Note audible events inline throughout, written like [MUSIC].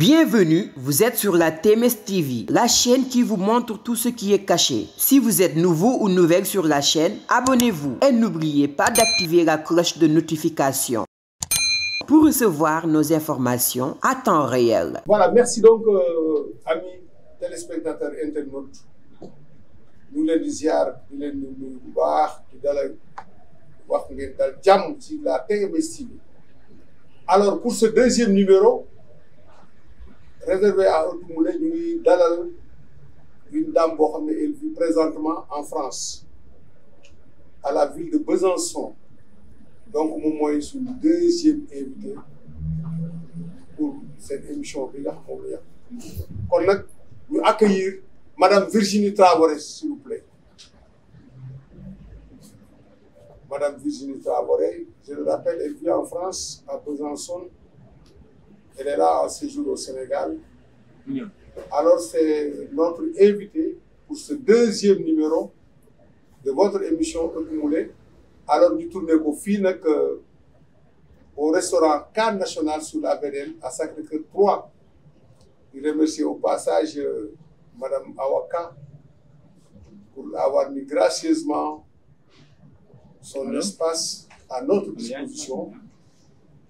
Bienvenue, vous êtes sur la TMS TV, la chaîne qui vous montre tout ce qui est caché. Si vous êtes nouveau ou nouvelle sur la chaîne, abonnez-vous et n'oubliez pas d'activer la cloche de notification pour recevoir nos informations à temps réel. merci donc euh, pour ce deuxième numéro réservé à Hood Moulé ñu ngi dalal une dame boo xam ne elle vit présentement en France à la ville de Besançon donc moom mooy suñu deuxième invité pour cette émission bi nga xam moom la yàq nag ñu accueillir madame Virginie Traoré s'il vous plaît madame Virginie Traoré je le rappelle elle vit en France à Besançon Elle est là séjour au Sénégal. Alors c'est notre invité pour ce deuxième numéro de votre émission Ëpp alors ñu tourné ko fii nag euh, au restaurant Can National sur la VDN à Sacré-Cœur 3 di remercier au passage euh, madame Awaka pour avoir mis gracieusement son espace à notre disposition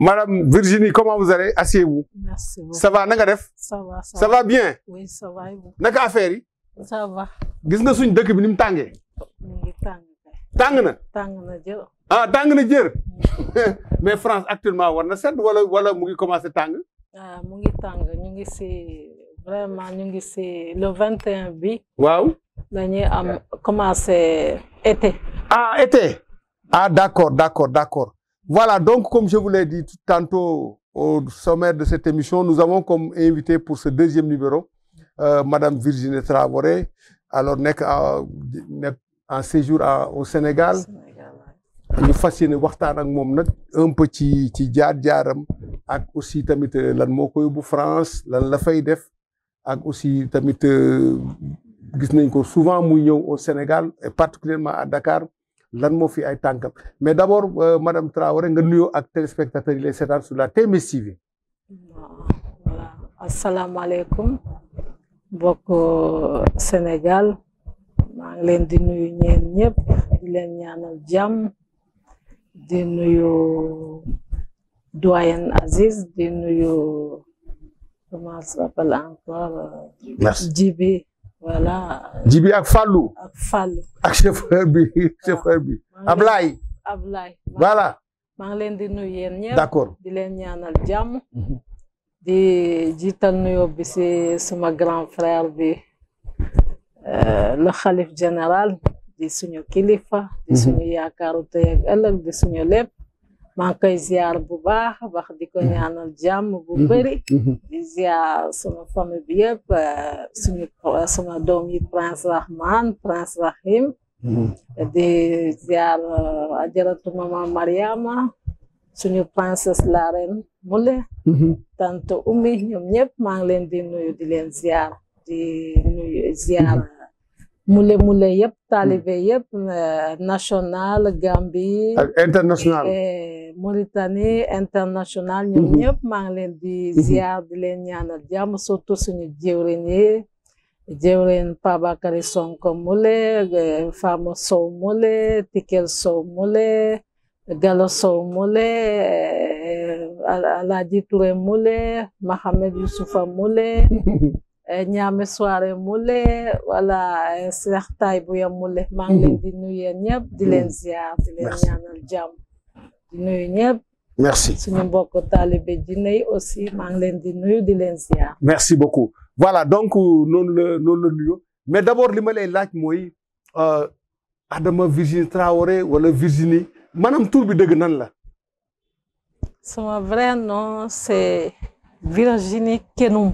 Madame Virginie, comment vous allez Asseyez-vous. Merci beaucoup. Ça va, na nga def. Ça bien. Oui, ça va. affaire yi. ça gis nga suñ dëkk bi ni mu tàngee. ngi tàng. tàng na. tàng na jër. ah tàng na jër. [LAUGHS] mais France actuellement war na sedd wala wala mu ngi commencé tàng. ah mu ngi tàng ñu ngi si vraiment ñu ngi si le 21 bi. waaw. dañuy am commencé été. ah été. ah d'accord d'accord d'accord. Voilà, donc comme je vous l'ai dit tantôt au sommaire de cette émission, nous avons comme invité pour ce deuxième numéro euh, Madame Virginie Traoré, alors nekk en séjour au Sénégal ñu fas yéene waxtaan ak moom nag un peu ci ci jaar-jaaram ak aussi tamit euh, lan moo bu France lan la fay def ak aussi tamit euh, gis nañ ko souvent muy ñëw au Sénégal et particulièrement à Dakar lan moo fi ay tànkam mais d' abord euh, madame Traoré nga nuyoo ak téléspectateurs yi lay seetaan sur la TMS TV. voilà asalaamaaleykum mbokk euh, Sénégal maa ngi leen di nuyu ñeen ñëpp di leen ñaanal jàmm di nuyu doyen Aziz di nuyu comment ça s'appelle encore. Euh, voilà Jibi ak Fallou. ak Fallou ak chauffeur bi chauffeur bi. Ablaye Ablaye. voilà. maa ngi leen di nuyu yéen ñëpp. d'accord di leen ñaanal jàmm. Mhm. di jiital nuyo bi si suma grand frère bi euh, le xalif général di suñu kilifa. di mhm. suñu yaakaaru tey ak ëllëg di suñu lépp. maa ngi koy ziar bu baax wax di ko ñaanal jàmm bu mhm. bëri. Mhm. di ziar suma famille bi yëpp euh, euh, doom yi prince Rahman prince Rahim. Mhm. di ziar euh, ajaratu mama Mariama suñu princesse la reine Moule. tante Oumy ñoom ñëpp maa ngi leen di nuyu di leen ziar di nuyu ziar. mule mule yëpp hmm. taalibe yëpp eh, national Gambie ak international eh, Mauritanie international ñoom hmm. ñëpp maa ngi leen di hmm. ziar di leen ñaanal jàmm surtout suñu jëwriñ yi Sonko mule eh, Fama Sow mule Tikel Sow mule Galo Sow mule Alaaji Touré mule Mahamed Youssoufa mule [LAUGHS] Eh, ñaame soirée mule wala eh, sertaay bu yam mule mhm. maa ngi leen di nuyu yéen ñëpp di mhm. leen ziar di leen ñaanal jàmm di nuyu ñëpp merci suñu mbokk taalibe jinne yi aussi maa ngi leen di nuyu di leen ziar merci beaucoup voilà donc noonu la noonu la nuyu mais d'abord li ma lay laaj mooy euh, Adama Virginie Traoré wala Virginie maanaam tur bi dëgg nan la sama vrai nom c'est Virginie Kenoum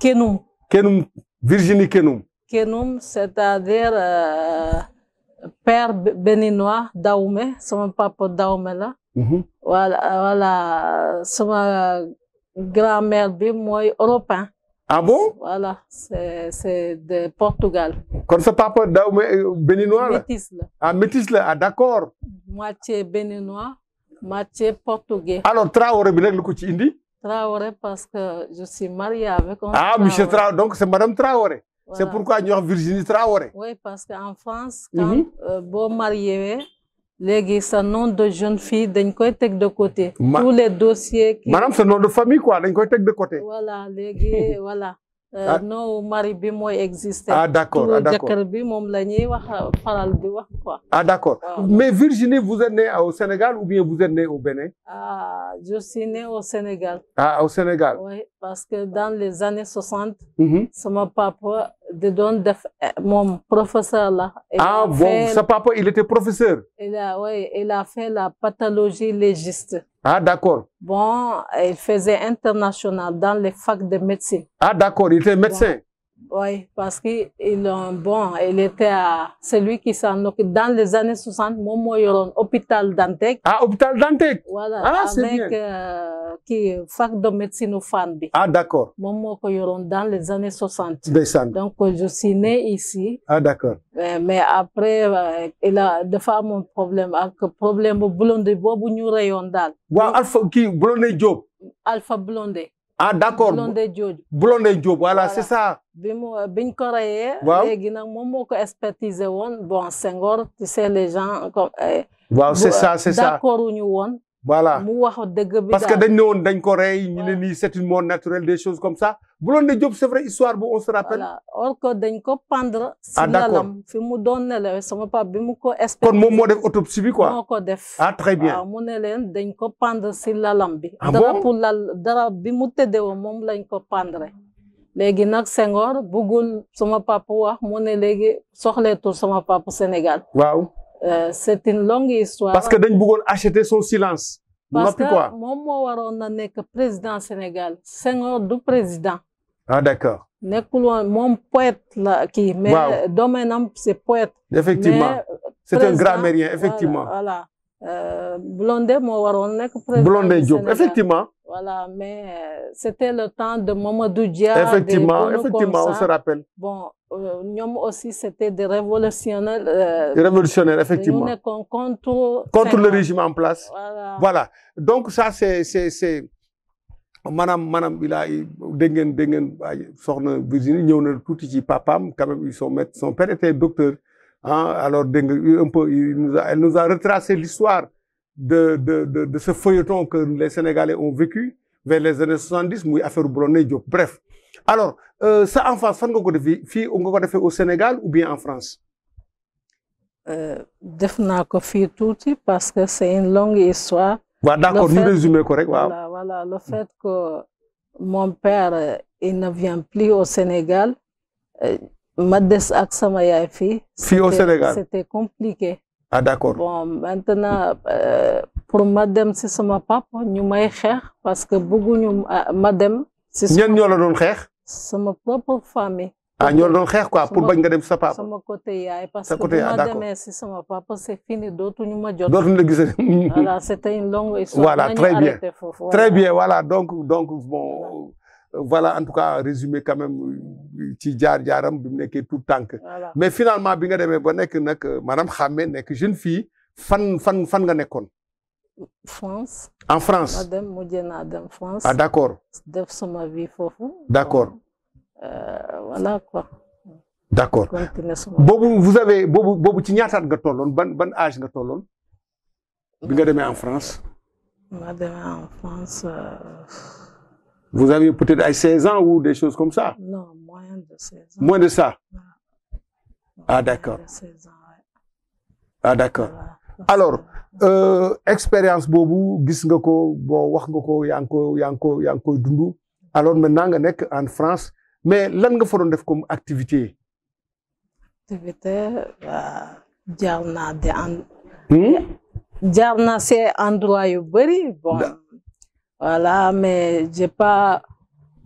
Kenum. Kenum, Virginie Kenum. Kenum, c'est-à-dire euh, père béninois, Daoumé, sama papa Daoumé la. Mm -hmm. voilà sama grand-mère bi mooy européen. ah bon voilà c'est c'est de Portugal. kon sa papa Daoumé euh, béninois la métis la ah métis la ah d'accord. moitié béninois moitié portugais. alors Traoré bi nag lu ko ci indi. Traoré parce que je suis mariée avec un Ah, donc c'est madame Traoré. Voilà. C'est pourquoi nous avons Virginie Traoré. parce que en France, mhm. quand mm -hmm. euh, beau marié, léegi sa nom de jeunes fille dañ koy teg de côté. Ma... tous les dossiers. Qui... sa nom de famille quoi dañ koy teg de côté. voilà léegi [LAUGHS] Euh, ah. no mari bi mooy existe ah d' accord ah bi moom la ñuy wax faral di wax quoi. ah d' accord ah. mais Virginie vous êtes née au Sénégal ou bien vous êtes née au Bénin. ah je suis née au Sénégal. ah au Sénégal. parce que dans les années soixante. Mm-hmm. sama papa di doon def eh, moom professeur la. Ah, professeur. il a oui il a fait la pathologie légiste. Ah, d'accord. Bon, il faisait international dans les facs de médecine. Ah, d'accord, il était médecin. Ouais. Oui, parce que il, bon, il était à celui qui s'en occupe. Dans les années 60, Momo Yoron, hôpital Dantec. Ah, hôpital Dantec. Voilà, ah, avec euh, qui, fac de médecine au Fanbi. Ah, d'accord. Momo Yoron, dans les années 60. Descend. Donc, je suis né ici. Ah, d'accord. Mais, après, euh, il a de mon problème, avec problème blondé, Bobu Nyurayondal. Wow, Alpha, qui, Alpha Blondé. ah d' accord Blondin Diop Blondin Diop voilà c' est ça. bi mu euh, bi ñu ko reyee. waaw léegi moom ko expertisé woon bon Senghor tu sais les gens comme. Euh, ça euh, c' ça d' wu ñu woon. voilà mu wax dëgg bi parce que dañ ne woon dañ ko rey ñu ne nii c'est une des choses comme ça bu loon ne Diop c'est vrai histoire bu on se rappelle voilà or que dañ ko pendre si ah, lalam fi mu doon nelaw sama papa bi mu ko expliqué kon moom moo def autopsie bi quoi moo ko def ah très bien waaw mu ne leen dañ ko pendre si lalam bi ah dara pour dara bi mu tëddewoo moom lañ ko pendre léegi nag Senghor bëggul sama papa wax mu ne léegi soxleetul sama papa Sénégal waaw Euh, c'est une longue parce que dañ bëggoon acheter son silence. parce que moom moo waroon na nekk président Sénégal Senghor du président. ah d'accord. nekkul woon moom poète la kii. mais domaine am c'est poète. effectivement c'est un grammairien effectivement. voilà euh, Blondé moo waroon nekk président Blondé Diop effectivement. Voilà, mais euh, c'était le temps de Mamadou Dia. Effectivement, effectivement, on se rappelle. Bon, euh, ñoom aussi c'était des révolutionnaires. Euh, révolutionnaires effectivement ñu nekkoon contre. contre le régime en place. voilà voilà donc ça c'est c'est c'est maanaam maanaam il a dégg ngeen dégg ngeen soxna Virginie ñëw na tuuti ci papaam quand même son maître son père était docteur alors dégg nga elle nous a retracé l'histoire de de de ce feuilleton que les Sénégalais ont vécu vers les années soixante-dix muy affaire Blondin Diop bref alors sa euh, enfance fan nga ko defee fii nga ko defee au Sénégal ou bien en France. Euh, def naa ko fii tuuti parce que c'est une longue histoire. waaw d'accord ñu résumer ko rek waaw. voilà voilà le fait que mon père il ne vient plus au Sénégal euh, ma des ak sama yaay fii. fii au Sénégal ah d'accord bon maintenant euh, pour ma dem si sama papa ñu may xeex parce que bëgguñu ma dem. si sama ñenn la doon xeex. sama propre famille. ah ñoo la doon xeex ko pour bañ nga dem si sa papa. sama côté yaay parce que bu si sama papa c'est fini dootuñu ma jot. dootu la gis. voilà c'était une longue histoire. voilà très bien très bien voilà donc donc bon. voilà en tout cas résumé euh, ci jaar-jaaram bi mu nekkee tout tànk mais finalement bi nga demee ba nekk nag euh, maanaam xàmmee nekk jeune fille fan fan fan nga nekkoon. France. en France ma dem mujjee naa dem France. ah d' def sama vie foofu. d' accord. Euh, voilà d' accord boobu vous avez boobu boobu ci ñaataat nga tolloon ban ban âge nga tolloon. bi nga demee demee en France. Vous aviez peut-être à 16 ans ou des choses comme ça moins de 16 ans. Moins de ça ah, non. Ah, d'accord. Ouais. alors euh, expérience boobu gis nga ko bon wax nga ko yaa yanko ko yaa ngi ko alors maintenant nga nekk en France mais lan nga fa def comme activité. activité jaar naa di hmm? endroit yu bëri voilà mais j'ai pas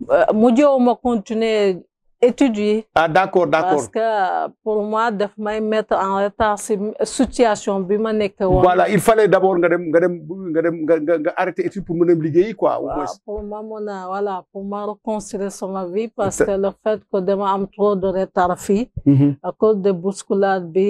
euh, ma continuer étudier. ah d'accord d'accord parce que pour moi def may mettre en retard si situation bi ma nekk wala voilà il fallait d'abord nga dem nga dem nga dem nga nga arrêter étude pour mën a liggéey quoi. au moins pour ma mën a voilà pour ma vie. parce que le fait que dama am trop de retard fii. Mhm. à cause de bousculade bi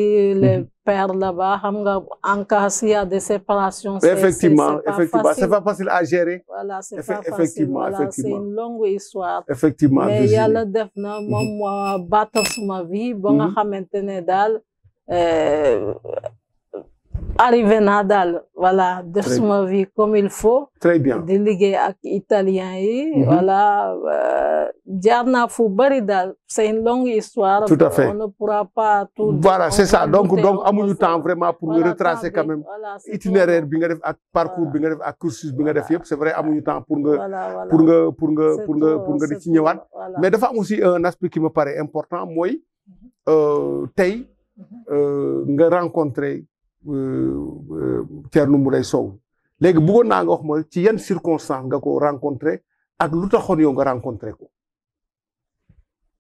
perdre là-bas xam nga en cas s'il y a des um effectivement effectivement c'est pas facile à gérer. voilà c'est pas facile effectivement c'est une longue histoire. effectivement mais yàlla def na moom moo baatal suma vie. ba nga mhm. xamante ne daal. Euh, arrivé naa daal voilà def suma vie comme il faut. bien di liggéey ak italien yi. Mhm. voilà euh, jaar naa fu bari daal c'est une longue histoire. tout à fait voilà c'est ça donc donc amuñu temps vraiment pour ñu retracer quand même itinéraire bi nga def ak parcours bi nga def ak cursus bi nga def yëpp c'est vrai amuñu temps pour nga. pour nga pour nga pour nga pour nga di ci ñëwaat. mais dafa am aussi un aspect qui me paraît important mooy euh, tey mhm. euh, nga rencontrer. Euh, euh, Thierno Moulay Sow léegi bëggoon naa nga wax ma ci yan circonstance nga ko rencontré ak lu taxoon yow nga rencontré ko.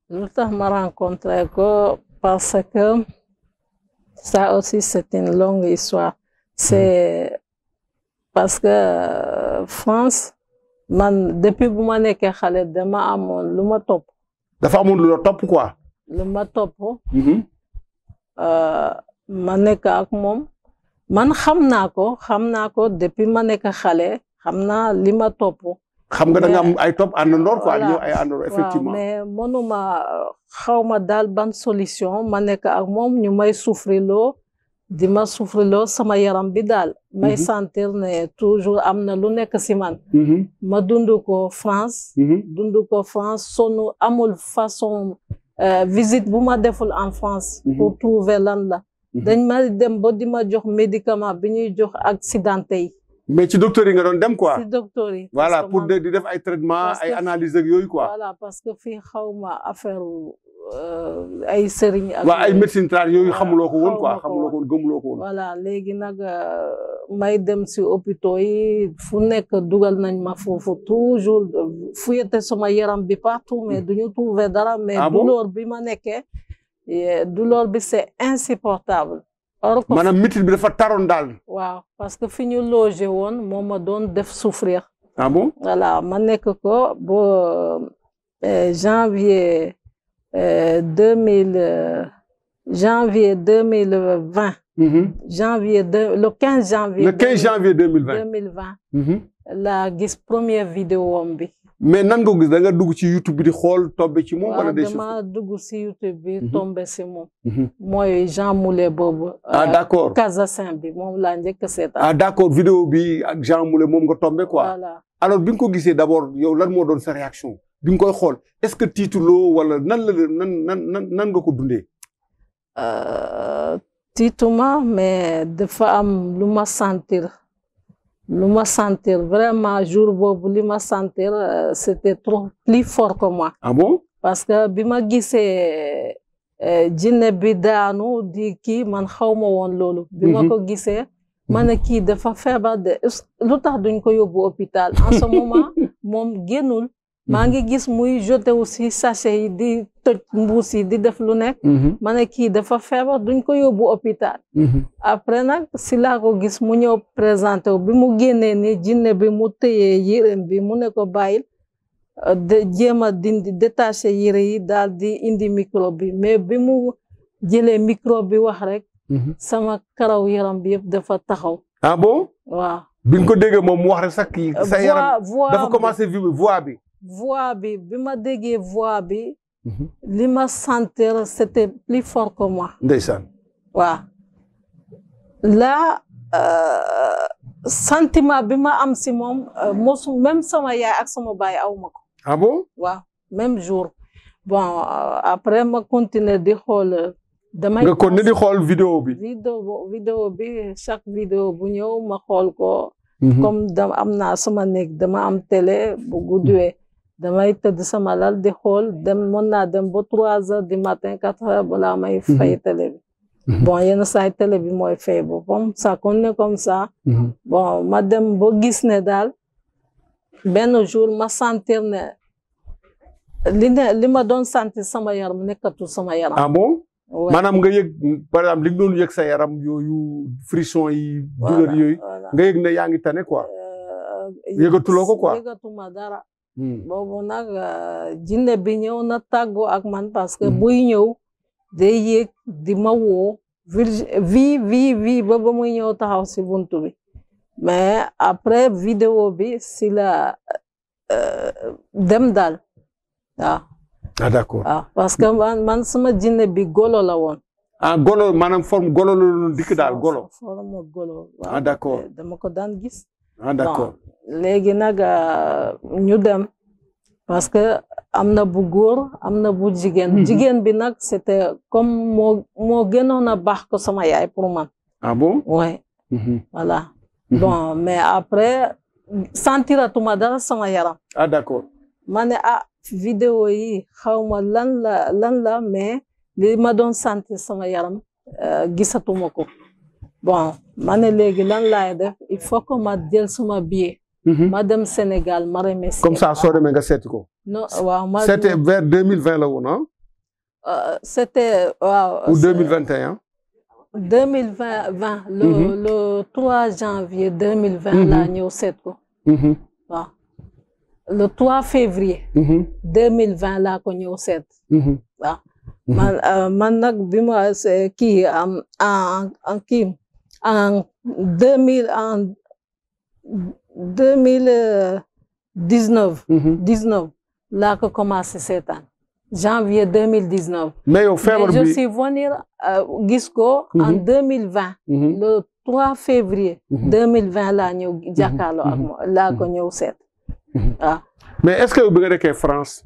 lu tax ma rencontré ko parce que ça aussi c'est une longue histoire c'est parce que euh, France man depuis bu ma nekkee xale dama amoon lu ma topp. dafa amoon topp quoi. lu ma topp. Mm-hmm. ma nekk ak moom. man xam naa ko xam naa ko depuis ma nekk xale xam naa li ma toppo xam nga da am ay topp àndandoor quoi ñëw ay àndandoor effectivement mais mënuma xaw ma daal ban solution ma nekk ak moom ñu may souffriloo di ma souffriloo sama yaram bi daal. may mhm. sentir ne toujours am na lu nekk si man. Mhm. ma dund ko France. Mhm. dund ko France sonu amul façon euh, visite bu ma deful en France. pour trouver lan la. Mhm. dañ ma dem ba di ma jox médicament bi ñuy jox accidenté yi. mais ci docteur yi nga doon dem ko ci docteur yi. voilà pour di def ay traitement ay analyse ak yooyu quoi. voilà parce que fii xaw ma affaire euh, ay sëriñ. ak waaw ay yooyu xamuloo ko woon quoi xamuloo ko woon gëmuloo ko woon. voilà léegi nag euh, may dem si hôpitaux yi fu nekk dugal nañ ma foofu toujours euh, fuyete sama yaram bi partout mais mhm. duñu trouver dara. mais ah douleur bi ma nekkee. douleur bi c'est insupportable. or maanaam bi dafa taron daal. waaw parce que fi ñu logé woon moo ma doon def souffrir. a ah bon voilà ma nekk ko ba euh, euh, janvier euh, deux mille janvier deux mille vingt. Mm-hmm. janvier deux le quinze janvier. le quinze janvier deux mille mm-hmm. la gis première vidéo am bi. mais nan nga gis da nga dugg ci YouTube bi di xool tombe ci moom. wala ah, des dama dugg si YouTube bi mhm. tombe si moom. Mhm. mooy Jean Moulé boobu. ah euh, d' accord Casasin bi moom laa njëkk a seetaan. ah vidéo bi ak Jean Moulé moom nga tombe quoi. voilà alors bi nga ko gisee d' abord yow lan moo doon sa réaction bi nga koy xool est ce que tiituloo wala nan la nan nan nan nga ko dundee. Euh, tiituma mais dafa am lu ma sentir. lu ma sentir vraiment jour boobu li ma sentir euh, c'était trop plus fort que moi. ah parce que bi ma gisee euh, jinne bi daanu di kii man xaw ma woon loolu. bi ma mhm. ko gisee. ma ne kii dafa feebar de lu tax duñ ko yóbbu hôpital. en ce [LAUGHS] moment moom maa ngi mhm. gis muy jeté wu si sachet yi di toj mbuus yi di def lu nekk mhm. mane ne kii dafa feeba duñ ko yóbbu hôpital mhm. après nag si laa ko gis mu ñëw présenté wu bi mu génnee ni jinne bi mu tëyee yérem bi mu ne ko bàyyil euh, de jéem a dindi détaché yére yi daal di indi microbe bi mais bi mu jëlee microbe bi wax rek sama karaw yaram bi yëpp dafa taxaw ah ko déggee moom mu wax sa kii sa yaram dafa commencé bi voix bi bi ma déggee voix bi. Mhm. li ma sentir c'était plus fort que moi. ndeysaan. waaw là euh, sentiment bi ma am si moom euh, mosu même sama yaay ak sama baay aw ma ko. waa ah bon même jour. bon euh, après ma continuer di xool. dama nga kon ne di xool video bi. vidéo bi chaque vidéo bu ñëw ma xool ko. Mhm. comme am naa sama néeg dama am télé bu guddee. damay tëdd sama lal di xool dem mën naa dem ba trois heures di matin quatre heures balaa may mhm. fay télé bi mhm. bon yenn saay télé bi mooy fay boppam ça continue comme sa mhm. bon ma dem ba gis ne daal benn jour ma sentir ne li ne li ma doon sentir sama yaram nekkatul sama yaram ah bon maanaam nga yëg par exemple li nga doon sa yaram yooyu frisson yi douleur yooyu nga yëg ne yaa ngi tane quoi euh, yëgatuloo ko quoi yëgatuma dara Hmm. boobu nag ah, jinne bi ñëw na tàggoo ak man parce hmm. buy ñëw day yéeg di woo vi vi vi ba ba muy ñëw taxaw si buntu bi mais après vidéo bi si la euh, dem daal a ah d'accord waaw ah, parce que man man sama jinne bi golo la woon ah golo maanaam forme golo la dikk daal golo forme ah, eh, dama ko daan gis ah d'accord léegi nag euh, ñu dem parce que am na bu góor am na bu jigéen. Hmm. jigéen bi nag c'était comme moo moo gënoon a baax ko sama yaay pour man. ah bon oui. voilà bon mais après sentiratuma dara sama yaram. ah d'accord ma ah vidéo yi xaw ma lan la lan la mais li ma doon sentir sama yaram euh, gisatuma ko. bon ma ne léegi lan laay def il faut que ma jël suma billet. Mhm. ma dem Sénégal ma comme ça soo demee nga seeti ko. non waaw ma c'était vers deux mille vingt la woon ah. Euh, c'était waaw. ou deux mille vingt et vingt le mhm. le trois janvier vingt mhm. laa ñëw seet ko. waaw le trois février. deux mille vingt laa ko ñëw seet. waaw man euh, man nag bi ma kii en en kii. en 2000 en 2019. 19 laa ko commencé seetaan janvier 2019. mais yow feebar bi mais je suis venir gis ko. en 2020. le 3 février. 2020 mm-hmm. laa ñëw jàkkaarloo ak moom laa ko ñëw seet. Mm-hmm. Ah. mais est-ce que bi nga nekkee France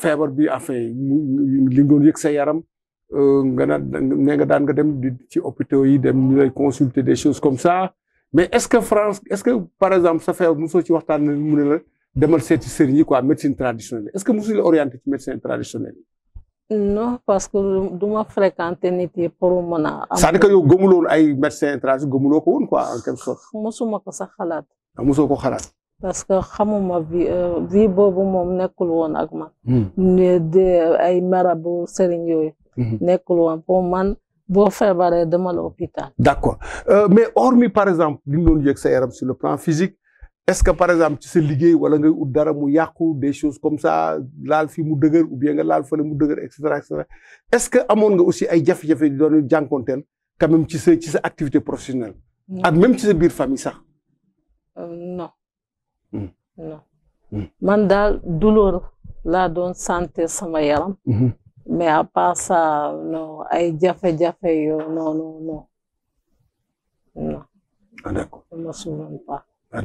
feebar bi a li nga doon yëg sa yaram. nga naan nee nga daan nga dem di ci hôpitaux yi dem ñu lay consulter des choses comme ça mais est-ce que France est-ce que par exemple sa feebar mosoo ci waxtaan na mu ne la demal seeti sëriñ yi quoi médecine traditionnelle est-ce que mosu la orienté ci médecine traditionnelle non parce que du ma fréquenté nit yi pour mën a. am c'est-à-dire que yow gëmuloon ay médecin traditionnel gëmuloo ko woon quoi en quelque sorte. mosuma ko sax xalaat. ah mosoo ko xalaat. parce que xamuma vie euh, vie boobu moom nekkul woon ak man. Hmm. ne de ay marabu sëriñ yooyu. Mhm. nekkul woon pour man boo feebaree dama la hôpital. d' accord euh, mais hormis par exemple li ñu doon yëg sa yaram sur le plan physique est ce que par exemple ci sa liggéey wala ngay ut dara mu yàqu des choses comme ça laal fii mu dëgër ou bien nga laal fële mu dëgër et cetera et cetera est ce que amoon nga aussi ay jafe-jafe yu doon jànkonteel quand même ci sa ci sa activité professionnelle. ak même ci sa biir famille sax. Euh, non. Hmm. non hmm. man daal douleur laa doon santé sama yaram. Mhm. mais à part ça ay jafe-jafe yo non non non non. ah, ah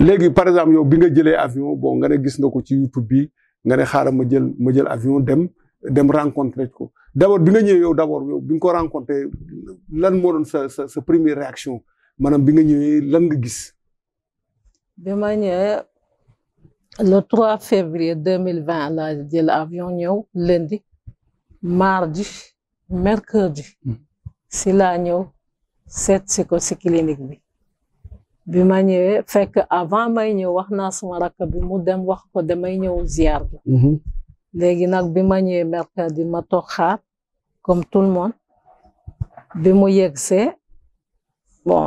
léegi par exemple yow bi nga jëlee avion bon nga ne gis nga ko ci YouTube bi nga ne xaaral ma jël ma jël avion dem dem rencontrer ko d'abord bi nga ñëwee yow d'abord yow bi nga ko rencontré lan moo sa sa sa première réaction maanaam bi nga ñëwee lan nga gis. le 3 février 2020 laa jël avion ñëw lundi mardi mercredi hmm. si laa ñëw seet si ko si clinique bi bi ma ñëwee fekk avant may ñëw wax naa suma rakk bi mu dem wax ko damay ñëw ziar la hmm. léegi nag bi ma ñëwee mercredi ma toog xaar comme tout le monde bi mu yegsee bon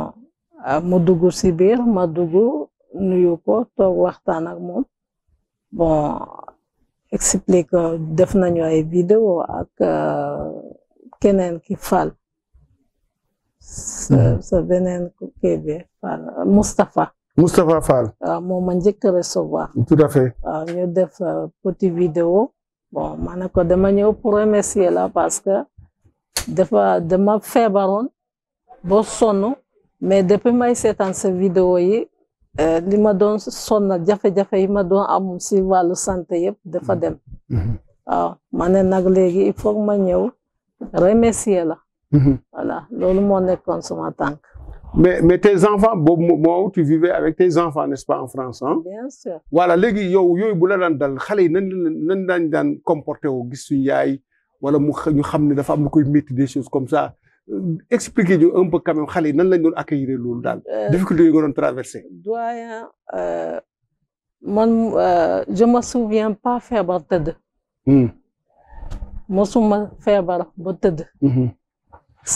ah, mu dugg si biir ma dugg nuyu ko toog waxtaan ak moom bon explique euh, def nañu ay vidéo ak euh, keneen ki Fall. sa mhm. sa beneen kii bi Fall Moustapha. Moustapha Fall. Ah, moom ma njëkk a recevoir. tout à fait. Ah, ñu def euh, petit vidéo bon ma ko dama ñëw pour la parce que dafa dama feebaroon boo sonn mais depuis may seetaan sa vidéo yi. Euh, li ma doon sonna jafe-jafe yi ma doon am si wàllu santé yëpp dafa mm-hmm. dem mm-hmm. waaw ma ne nag léegi il faut ma ñëw remercier la mm-hmm. voilà loolu moo nekkoon sama tànk mais mais tes enfants boobu moo tu vivais avec tes enfants n'est-ce pas en France bien sûr voilà léegi yow yooyu bu la daan dal xale yi nan nan daan daan comporté woo gis suñu yaay wala mu ñu xam ne dafa am lu koy métti des choses comme ça expliquer ñu un peu quand même xale yi nan lañ doon accueillir loolu daal. Euh, difficulté yi nga doon traversé. doyen euh, man euh, je me souviens pas feebar tëdd. Hmm. mosuma feebar ba tëdd. Hmm.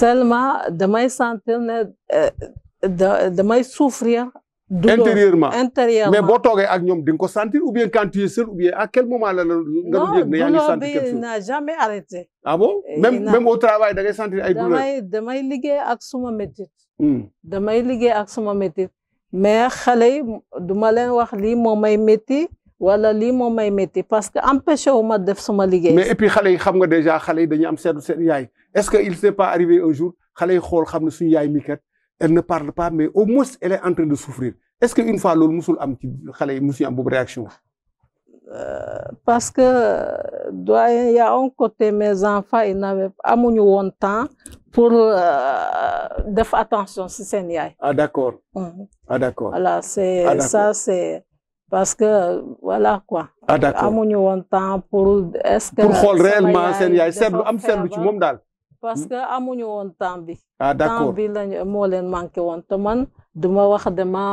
seulement damay sentir ne damay souffrir intérieurement mais boo toogee ak ñoom di nga ko sentir ou bien quand tu es seul ou bien à quel moment la la nga doon yëg ne yaa ngi sentir quelque chose non ah au travail da sentir ay douleur damay damay liggéey ak suma métit hmm. damay liggéey ak suma métit mais xale yi du ma leen wax lii moo may métti wala lii moo may métti parce que empêché wu def suma liggéey. mais et puis xale yi xam nga déjà xale yi dañuy am seetlu seen yaay est-ce que il s'est pas arrivé un jour xale yi xool xam ne suñu yaay mi elle ne parle pas mais au moins elle est en train de souffrir est-ce que une fois loolu musul am ci xale yi musuñu am boobu réaction euh, parce que doyen y a un côté mes enfants ils n'avaient amuñu woon temps pour euh, def attention si seen yaay ah d'accord mhm. ah d'accord voilà c'est ah, ça c'est parce que voilà quoi ah d'accord amuñu temps pour est-ce que pour xool réellement seen am seetlu ci moom daal parce hmm? que amuñu woon temps bi. ah bi lañ moo leen manqué woon te man du ma wax dama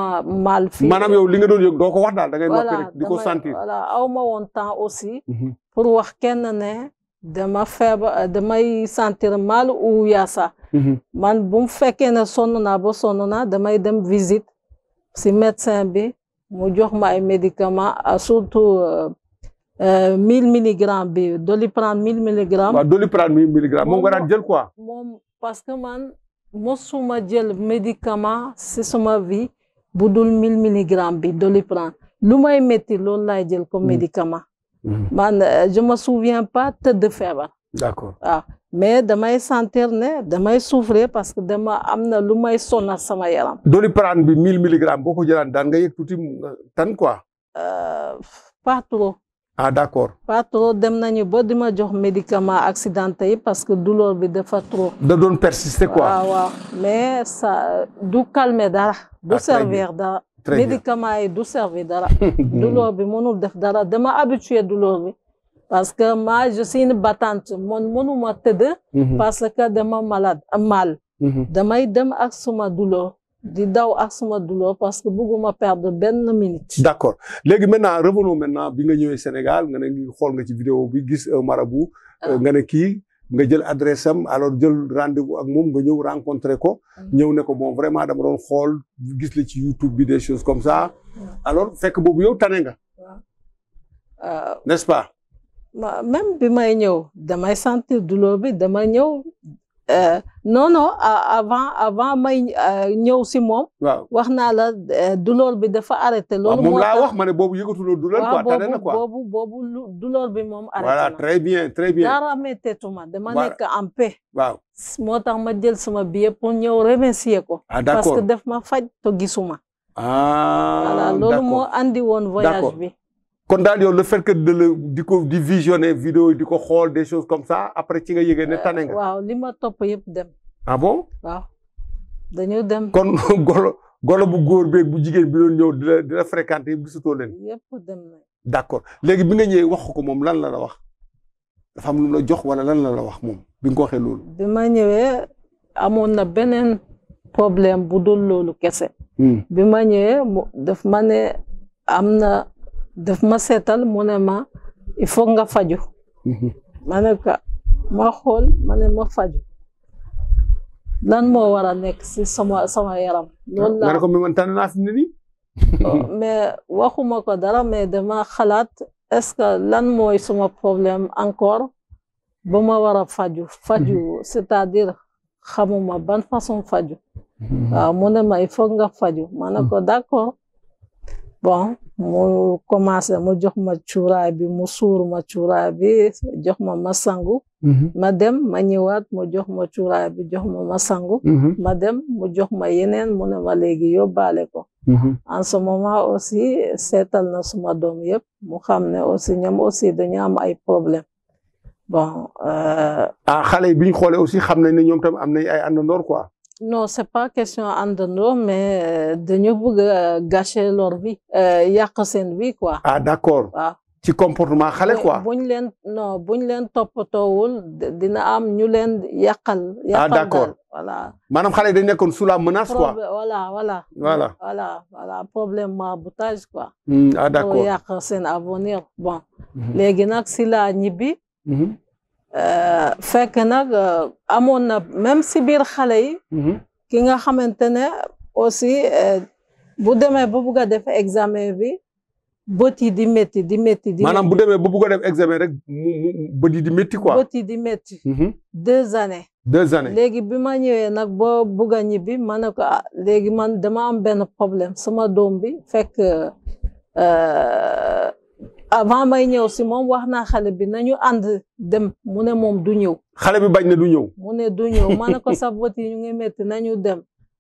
mal. fii maanaam yow li nga doon yëg doo ko wax daal da ngay noppi rek voilà aw woon temps aussi. Mhm. pour wax kenn ne dama feebar damay sentir mal ou yaasa. Mhm. man bu mu fekkee ne sonn naa ba sonn naa damay dem visite si médecin bi mu jox ma ay médicaments surtout. Euh, Euh, mille milligrammes bi Doliprane mille milligrammes. waaw Doliprane mille milligrammes moom nga daan jël quoi. moom parce que man mosuma jël médicament si suma vie bu dul mille milligrammes bi Doliprane lu may métti loolu laay jël comme hmm. médicament. Hmm. man euh, je me souviens pas tëdd feebar. d'accord waaw mais damay sentir ne damay souffrir parce que dama am na lu may sonna sama yaram. Doliprane bi mille milligrammes boo ko jëlaan daan nga yëg tuuti euh, tan quoi. pas ah d' accord. Fatou dem nañu ba di jox médicament accidenté yi parce que douleur bi dafa trop. da doon persister quoi. waaw mais ça du calmer dara. Ah, du servir dara. médicament yi du servir dara. [LAUGHS] douleur bi mënul def dara dama habitué douleur bi. parce que ma je suis une battante man mënuma tëdd. Mhm. parce que dama malade mal. Mhm. damay dem ak suma douleur. di daw ak sama douleur parce que bëgguma perdre benn minute. d' accord léegi maintenant revenons maintenant bi nga ñëwee Sénégal nga ne xool nga ci vidéo bi gis euh, mara bu euh, ah. nga na kii nga jël adresse am alors jël rendez-vous ak moom nga ñëw rencontré ko. Mm. ñëw ne ko bon vraiment dama doon xool gis la ci YouTube bi des choses comme ça. Mm. alors fekk boobu yow tane nga. Euh, n' ce pas. même bi may ñëw damay sentir douleur bi dama ñëw. Euh, non avant avant may euh, ñëw si moom. wax naa la euh, douleur bi dafa arrêté. Ah, loolu moom laa wax ma ne boobu yëgatuloo douleur. quoi tane na quoi boobu boobu bi moom. arrêté voilà très bien très bien. dara mettetuma nekk en paix. waaw moo tax ma jël sama billet pour ñëw remercier ko. ah d'accord parce def ma faj to gisuma. ah d'accord loolu moo andi woon voyage bi. kon daal yow le fait que de di ko di visionner vidéo yi di ko xool de choses comme ça après ci nga yëgee ne tane nga. Euh, waaw ni ma topp yëpp dem. ah bon. waaw dem. kon [LAUGHS] golo golo bu góor beek bu jigéen bi lool ñëw di la di la fréquenter yëpp gisatoo leen. yëpp dem na. d'accord léegi bi nga ñëwee wax ko moom lan la la wax dafa am lu jox wala lan la la wax moom bi nga ko waxee loolu. bi ma ñëwee amoon na beneen problème bu dul loolu kese. Hmm. bi ma ñëwee def ma ne am na. daf ma seetal mu ne ma il faut nga faju mhm. ma ne ma xool ma ne ma faju lan moo war a nekk si sama sama yaram loolu laa ko man tànn naa si ne nii oh, mais waxuma ko dara mais dama xalaat est-ce que lan mooy suma problème encore ba ma war a faju faju mhm. cest a dire xamuma ban façon faju mhm. waaw mu ne ma il faut nga faju ma ne ko d'accord bon mu commencé mu jox ma cuuraay bi mu suur ma cuuraay bi jox ma ma sangu. Mm-hmm. ma dem ma ñëwaat mu jox ma cuuraay bi jox ma ma sangu. Mm-hmm. ma dem mu jox ma yeneen mu ne ma léegi yóbbaale ko. Mm-hmm. en ce ma aussi seetal na suma doom yëpp mu xam ne aussi ñoom aussi dañu am ay problème bon. Euh, ah xale yi bi ñu xoolee aussi xam nañ ne ñoom tam am nañ ay àndandoor ko non c'est pas question àndandoo mais euh, dañu bëgg a gâcher leur vie euh, yàq seen vie quoi. ah d'accord waaw. ci comportement xale quoi buñ leen non buñ leen toppatoowul dina am ñu leen yàqal. Ah, yàqal ah d'accord voilà. maanaam xale dañ nekkoon sous la menace quoi. voilà voilà. voilà voilà voilà problème maraboutage quoi. Hmm, ah d'accord pour avenir bon. Mhm. léegi nag si la ñibbi. Mhm. fekk nag euh, amoon na même si biir xale yi mhm. ki nga xamante ne aussi euh, bu demee ba bugg a def examen bi bët yi di métti di métti di maanaam bu demee ba bugg a def examen rek di métti quoi bët di métti mhm. deux années deux années léegi bi ma ñëwee nag boo bugg a ñibbi ma ne ko ah léegi man dama am benn problème sama doom bi fekk euh, avant ah, may ñëw si moom wax naa xale bi nañu ànd dem mu ne moom du ñëw. xale bañ na du ñëw. mu ne du ñëw ma ne ko sa booti yi ñu ngi métti nañu dem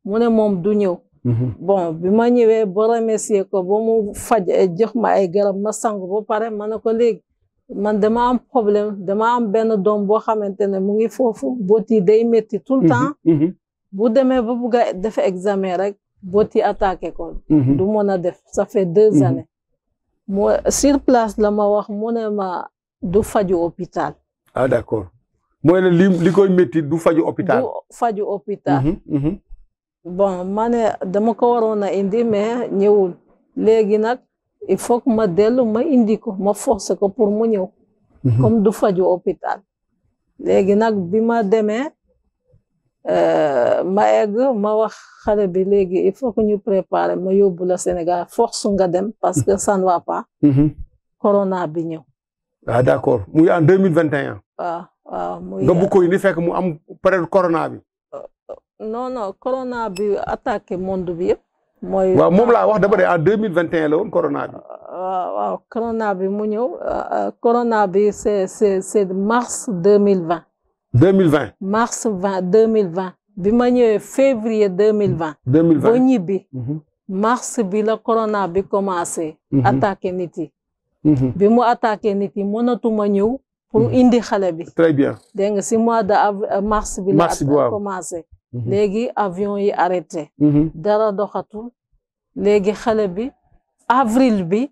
mu ne moom du ñëw. Mhm. bon bi ma ñëwee ba remercier ko ba mu faj eh, jox ma ay garab ma sangu ba pare ma ne ko léegi man dama am problème dama am benn doom boo xamante ne mu ngi foofu bët yi day métti tout le mhm, temps. Mhm. bu demee ba bugg a def examen rek bët yi attaqué ko. du mën a def ça fait deux années. moo sur place la ma wax mu ne ma du faju hôpital. ah d'accord mooy ne li li koy métti du faju hôpital. du faju hôpital. Mhm, mhm. bon ma ne dama ko waroon a indi mais ñëwul léegi nag il faut ma dellu ma indi ko ma forcer ko pour mu ñëw. Mhm. comme du faju hôpital. léegi nag bi ma demee Euh, ma egg ma wax xale bi léegi il faut que ñu préparer ma yóbbu la Sénégal force nga dem parce que ça ne mm-hmm. corona bi ñëw. ah d' accord muy en mille vingt et un. waaw ah, ah, nga bu ko fekk mu am période corona bi. Euh, non non corona bi attaqué monde bi yëpp. mooy waaw moom laa wax dama de ah. en deux mille vingt et un la woon corona bi. mu ñëw corona bi c' est est c' est mars deux mille 2020. mars 20 2020 bi ma ñëwee février 2020. 2020 ba ñibbi. Mhm. mars bi la corona bi commencé. Mhm. attaqué nit mhm. bi mu attaqué nit yi mënatuma ñëw. pour indi xale bi. très bien si mois de mars bi. Euh, mars bi la commencé. léegi avion yi arrêté. dara doxatul. léegi xale bi avril bi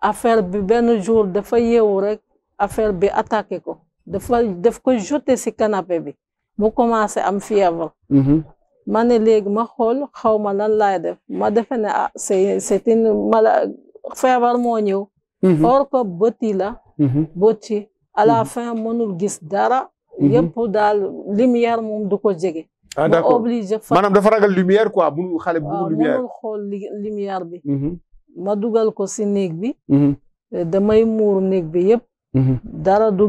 affaire bi benn jour dafa yeewu rek affaire bi attaqué ko. dafa daf ko jote si canapé bi mu commencé am fièvre mm-hmm. ma ne léegi ma xool xaw ma lan laay def ma defe ne a ah, c'est c'est une mala feebar moo ñëw mm-hmm. or que bëti la mm-hmm. bëti à la fin mënul gis dara yëpp daal lumière moom du ko jege ah d'accord obligé maanaam dafa ragal lumière lumière bi ma dugal ko si néeg bi eh, damay muur néeg bi yëpp dara du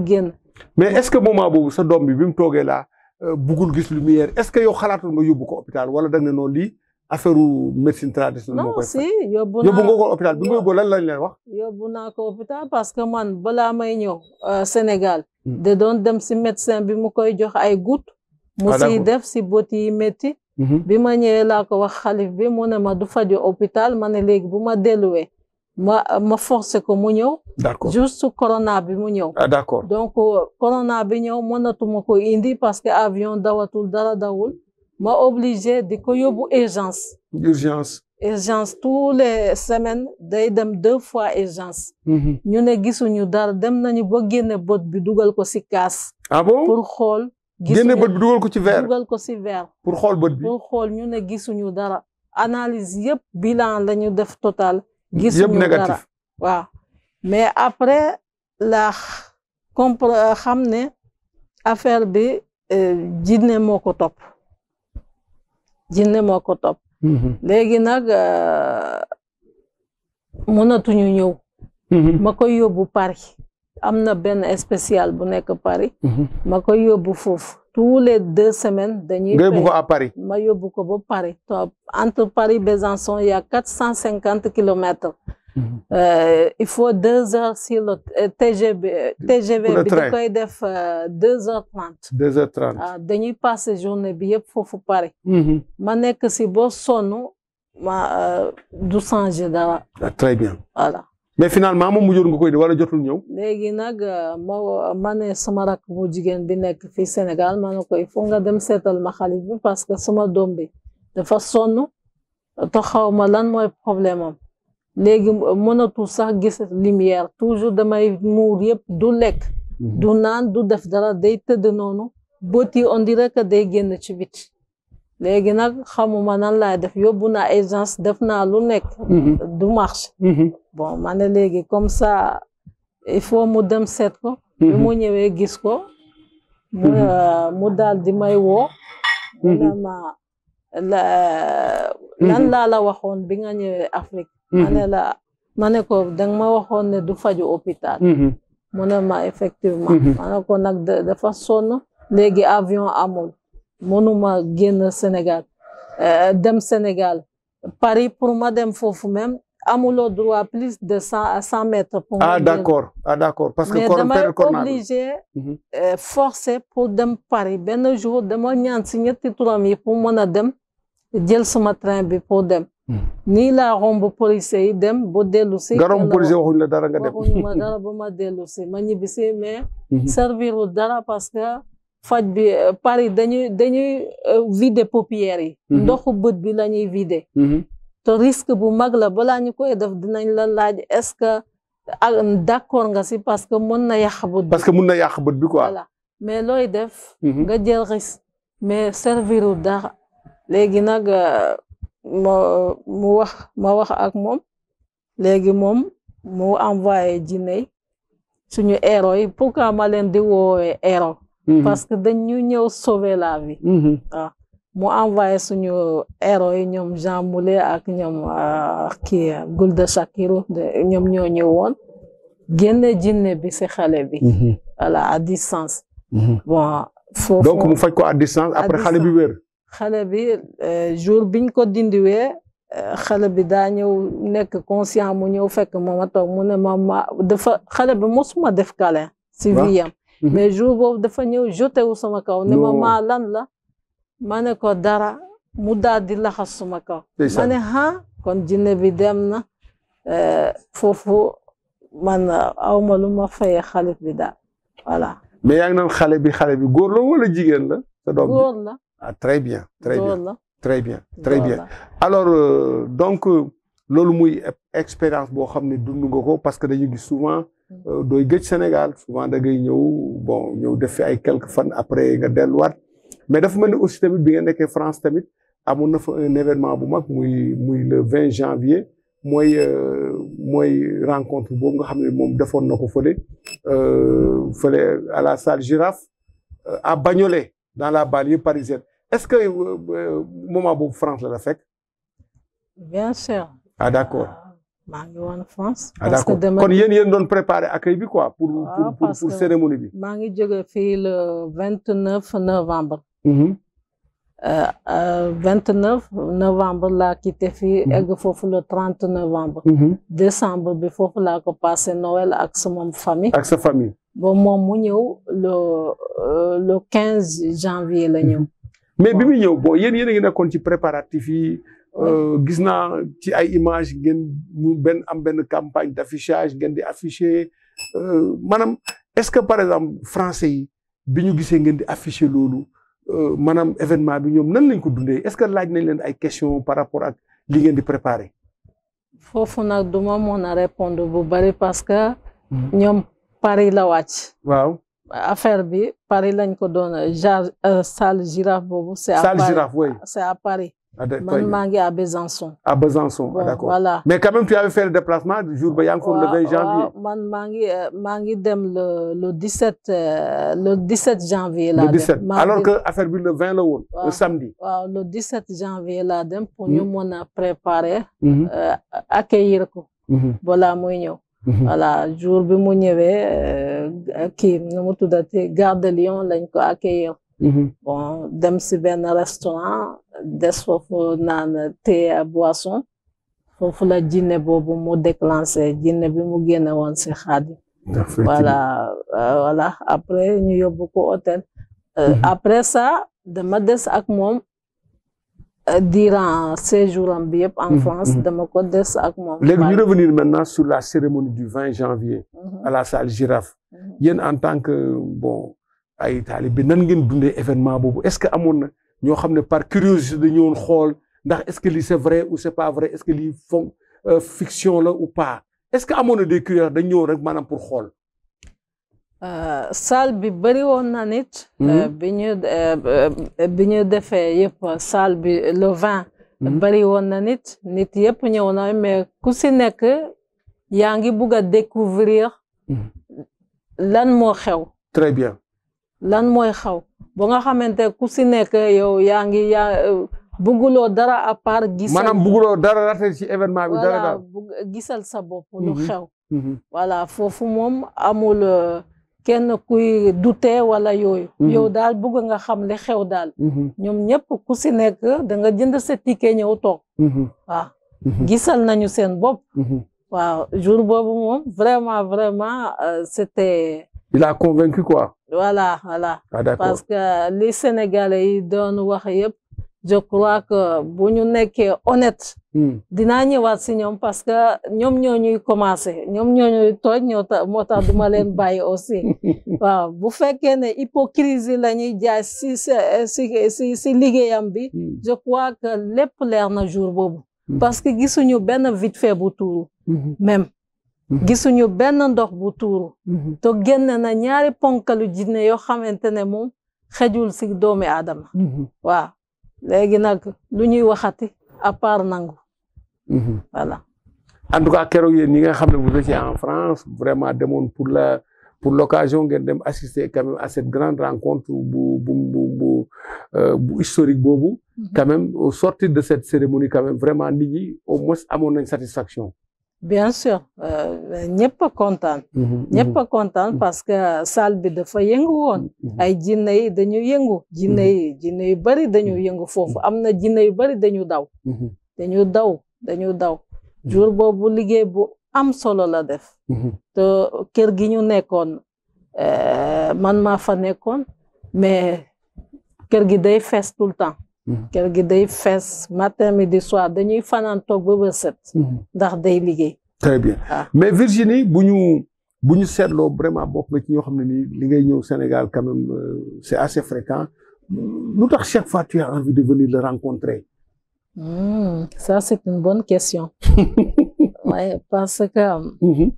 mais est-ce que moment boobu sa doom bi bi mu toogee la euh, buggul gis lumière est-ce que yow xalaatul nga yóbbu ko hôpital wala da nga ne noonu lii affaire médecine traditionnelle. moo koy fay non si yóbbu naa yóbbu ko hôpital bi nga yóbbu lan lañ leen wax. yóbbu naa ko hôpital parce que man balaa may ñëw euh, Sénégal. Hmm. da doon dem si médecin bi mu koy jox ay gouttes. Ah, mu siy def si boot yi métti. Mhm. bi ma ñëwee laa ko wax xalif bi mu ne ma du faju hôpital ma ne léegi bu ma delluwee. ma ma forcé ko mu ñëw. d'accord juste corona bi mu ñëw. ah d'accord donc euh, corona bi ñëw mënatuma ko indi parce que avion dawatul dara dawul ma obligé di ko yóbbu urgence. urgence. urgence tout les semaines day dem deux fois urgence. Mhm. ñu ne gisuñu dara dem nañu ba génne bët bi dugal ko si kaas. ah bon pour xool. bët bi dugal ko si ver dugal ko ci verre. pour xool bët xool ñu ne gisuñu dara. analise yëpp bilan la def total. gis dara waaw mais après la compre xam ne affaire bi euh, jinne moo ko topp jinne moo ko topp mhm. léegi nag euh, mënatuñu ñëw mhm. ma koy yóbbu Paris am na benn spécial bu nekk Paris. Mhm. ma koy yóbbu foofu tous les deux semaines. dañuy nga ko à Paris. ma yóbbu ko ba Paris. entre Paris Besançon ya y cent cinquante kilomètres. Mhm. Euh, il faut deux heures sur le euh, TGV. TGV bi da koy def euh, deux heures trente. deux heures trente ah, dañuy passé journée bi yëpp foofu Paris. Mhm. ma nekk si bo sonn ma du changer mais finalement moom mu jor nga koy wala jotul ñëw. léegi nag euh, ma ma ne sama rakk bu jigéen bi nekk fii Sénégal ma ne ko il faut nga dem seetal ma xaalis bi parce que sama doom bi dafa sonn te xaw ma lan mooy problème am léegi mënatul sax gis lumière toujours damay muur yëpp du lekk. du mhm. naan du def dara day tëdd noonu bët yi on dirait day génn ci biti. léegi nag xamuma nan laay def yóbbu naa agence def naa lu nekk. Mhm. du marché. Mhm. bon ma ne léegi comme ça il faut mu dem seet ko. Mhm. bi mu ñëwee gis ko. mu euh, dal di may woo. vraiment la lan laa la waxoon bi nga ñëwee Afrique. ma la ma ne ko danga ma waxoon ne du faju hôpital. mu ne ma effectivement. ma ko nag dafa sonn léegi avion amul. mënuma génn Sénégal euh, dem Sénégal Paris pour ma dem foofu même amuloo droit plus de cent à cent mètres. pour ah d'accord ah d'accord parce que. mais damay obligé euh, mhm. forcé pour dem Paris benn jour dama ñaan si ñetti turam yi pour mën a dem jël sama train bi pour dem. Mhm. nii laa romb police yi dem ba dellu si. nga romb police waxuñ dara nga dem waxuñ ma [LAUGHS] dara ma dellu mais. Mhm. serviru dara parce faj bi euh, pari dañuy dañuy euh, vider paupières yi. Mhm. ndoxu bët bi la ñuy vider. Mhm. te risque bu mag la balaa ñu koy def dinañ la laaj est-ce que d'accord nga si parce que mën na yàq bët bi. parce que mën na yàq bët bi quoi. mais looy def. Mhm. nga jël risque mais serviru dara léegi nag euh, ma mu wax ma wax ak moom léegi moom mu envoyé jinne suñu héros yi pourquoi ma leen di woowee héros. Mm-hmm. parce que dañ ñu ñëw sauver la vie. waaw mm-hmm. ah, mu envoyé suñu héros yi ñoom Jean Moulin ak ñoom ah, kii Gulda Shakiru ñoom ñoo ñëw woon génne jinne bi si xale bi. Mm-hmm. voilà à distance. bon donc mu faj ko à distance après xale bi wér. xale bi euh, jour biñ ko dindiwee euh, xale bi da ñëw nekk conscient mu ñëw fekk moom a mu ne ma ma dafa xale bi def câlin. si vie am mais jour boobu dafa ñëw jote wu sama kaw ne ma maa lan la ma ne ko dara mu daal di laxas suma kaw ma ne ha kon jinne bi dem na e, foofu man aw ma lu ma fayee xale e bi daal voilà mais yaa ngi xale bi xale bi góor la wala jigéen la sa doom la ah très bien très bien la très bien très bien alors euh, donc euh, loolu muy expérience boo xam ne dund nga ko parce que dañu gis souvent Euh, dooy gëj Sénégal souvent da ñëw bon ñëw def fi ay quelques fan après nga delluwaat mais dafa mel ni aussi tamit bi nga nekkee France tamit amoon na fa un événement bu mag muy muy le 20 janvier mooy euh, mooy rencontre boobu nga xam ne moom defoon na ko fële euh, fële à la salle Girafe à bañole dans la banlieue parisienne est-ce que moment boobu France la la fekk. bien sûr. ah d'accord. maa ngi woon France. Ah, parce que dama kon doon préparé accueil bi quoi. pour ah, pour pour cérémonie bi. maa ngi jóge fii le vingt neuf novembre. Mhm. Euh, euh, vingt neuf novembre la quitté fi mhm. egg foofu le trente novembre. Mhm. décembre bi foofu laa ko passé Noël ak sama famille. ak sa famille. bon moom mu ñëw le euh, le quinze janvier la ñëw. mais bi muy ñëw bon yéen yéen a ngi ci préparatif yi. Euh, gis naa ci ay image ngeen mu benn am benn campagne d'affichage ngeen di afficher euh, maanaam est-ce que par exemple français yi bi ñu gisee ngeen di afficher loolu euh, maanaam événement bi ñoom nan lañ ko dundee est-ce que laaj nañ leen ay questions par rapport ak li ngeen di préparer. foofu nag duma mën a répondre bu bari parce que. Hmm. ñoom Paris la wàcc. waaw affaire bi Paris lañ ko doon genre salle girafe boobu. c'est à man maa ngi à Besançon. à Besançon ah, bon, d'accord voilà. mais quand même tu avais fait le déplacement jour ba yaa le janvier. man maa ngi maa ngi dem le le 17 euh, le 17 janvier. laa dem le 17 alors que affaire bi le 20 la woon. le samedi. waaw le 17 janvier dem. pour ñu hmm. mën a préparer. Hmm. Euh, accueillir ko. balaa hmm. muy ñëw. jour bi mu ñëwee euh, kii nu mu tuddati gare de Lyon lañ ko accueillir. Mm-hmm. bon dem si benn restaurant des foofu naan thé à foofu la jinne boobu mu déclenché jinne bi mu génne woon si xaadi voilà euh, voilà après ñu yóbbu ko hôtel euh, mm-hmm. après ça dama des ak moom euh, durant séjour bi yëpp en mm-hmm. France dama ko des ak moom léegi ñu revenir maintenant sur la cérémonie du janvier à la salle Girafe yéen en tant que ay taalib bi nan ngeen dundee événement boobu est-ce que amoon na ñoo xam ne par curiosité dañu woon xool ndax est-ce que lii c'est vrai ou c'est pas vrai est-ce que lii fon euh, fiction la ou pas est-ce que amoon na des curieux dañ ñëw rek maanaam pour xool. Euh, salle bi bëri woon na nit. Hmm? Euh, bi ñu defee yëpp salle bi le vingt. Hmm? bëri woon na nit nit yëpp ñëw na mais ku si nekk yaa ngi bugg a découvrir. Hmm. lan moo xew. lan mooy xaw ba nga xamante ku si nekk yow yaa ngi yaa euh, bugguloo dara a part gisal maanaam bugguloo dara raté ci événement bi dara daal gisal sa bopp lu mhm. xew mhm. voilà foofu moom amul euh, kenn kuy dute wala yooyu mhm. yow daal bëgg nga xam li xew daal ñoom ñëpp ku si nekk da nga jënd sa ticket ñëw toog waaw nañu seen bopp waaw jour boobu moom vraiment vraiment euh, c'était il a convaincu quoi. voilà voilà. ah que li Sénégalais yi doon wax yëpp. je crois que bu ñu nekkee honnête. Hmm. dinaa ñëwaat si ñoom parce que ñoom ñoo ñuy commencé ñoom ñoo ñuy tooñ ñoo tax moo tax du ma leen bàyyi aussi [LAUGHS] waaw bu fekkee ne hypocrisie la ñuy jaay si si si si liggéeyam bi. Hmm. je crois que lépp leer na jour boobu. Hmm. parce que gisuñu benn vit fait bu tuuru. Mm-hmm. gisuñu benn ndox bu tuuru mm-hmm. te génn na ñaari ponkalu jinne yoo xamante ne moom xejul si doomi aadama mm-hmm. waaw léegi nag lu ñuy waxati à part nangu voilà en tout cas keroog yéen ñi nga xam ne vous étiez en France vraiment demoon pour la pour l'occasion ngeen dem assister quand même à cette grande rencontre bu bu bu bu euh, bu historique boobu quand même au sortir de cette cérémonie quand même vraiment nit ñi au moins amoon nañ satisfaction bien sûr euh, ñëpp a kontaan mhm, mhm. ñëpp kontaan parce que salle bi dafa yëngu mhm, ay jinne yi dañu yëngu jinne jinne yu bari dañu yëngu foofu am na jinne yu bari dañu daw dañu daw dañu daw jour boobu liggéey bu am solo la def te kër gi ñu nekkoon euh, man maa fa nekkoon mais kër gi day fees tout temps Mhm. kër gi day fees matin midi soir dañuy fanaan toog ba ba set. Mhm. ndax day liggéey. très bien ah. mais Virginie bu ñu bu ñu seetloo vraiment bokk nga ci ñoo xam ne nii li ngay ñëw Sénégal quand même euh, c'est assez fréquent lu tax chaque fois tu as envie de venir le rencontrer. Mmh, ça c'est une bonne question. [LAUGHS] ouais, parce que. Mmh.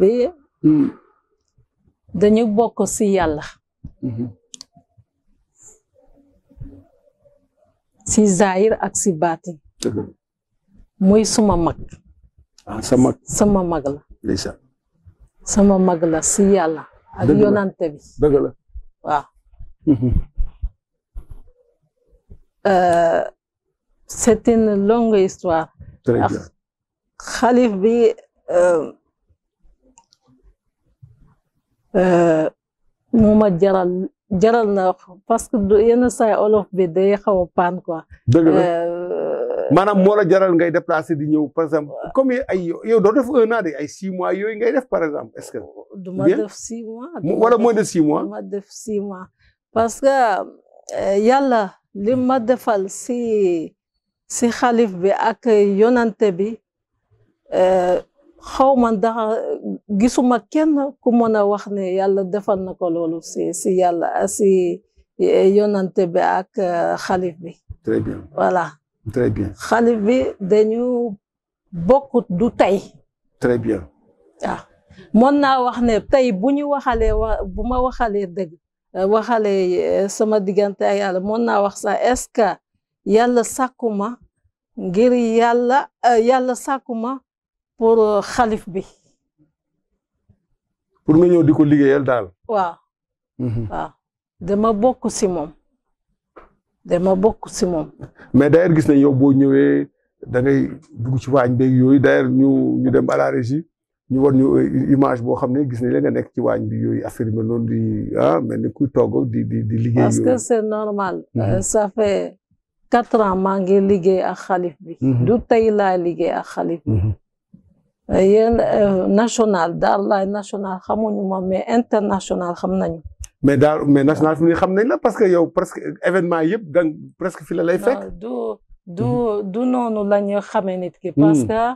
bi. Mmh. bokk si yàlla. Mhm. si zaayir ak si baati muy suma mag ah, sa mag sama mag la sama mag la si yàlla ak yonante bi dëgg la mhm. euh, histoire xalif bi euh, euh, mu ma jaral jaral na parce que yenn saa yi olof bi day xaw a paan quoi. dëgg la euh, maanaam moo jaral ngay déplacé di ñëw par exemple comme ay yow doo def yooyu ngay def par exemple est que. du ma def wala moins de six mois. du ma def six mois parce que euh, yàlla li ma defal si si xalif bi ak yonante bi euh, xaw ma ndax gisuma kenn ku mën a wax ne yàlla defal na ko loolu si si yàlla si e, yonante bi ak e, xalif bi. très bien voilà. très bien bi dañu bokkut du tey. très ah. mën naa wax ne tey bu ñu waxalee wa bu ma waxalee dëgg e, waxalee sama diggante a yàlla mën naa wax sa eska ce que yàlla sàkkuma ngir yàlla yàlla sàkkuma pour bi. pour nga ñëw di ko liggéeyal daal. waaw. Mhm. waaw dama bokk si moom dama bokk si moom. mais d'ailleurs gis nañ yow boo ñëwee da dugg ci waañ be yooyu d'ailleurs ñu dem à la ñu war ñu euh, image boo xam ne gis na la nga nekk ci waañ bi yooyu affaire bi noonu di ah mel ni kuy togg di liggéey. parce que c'est normal. Mhm. Euh, ça fait quatre ans maa ngi liggéey ak xalif bi. Mhm. du tey laa liggéey ak xalif bi. yéen euh, national daal national xamuñu moom mais international xam nañu. mais daal mais national fi mu xam nañ la parce que yow presque événement yëpp dang presque fi la lay fekk. du du du noonu la ñu xamee nit ki. Hmm. parce que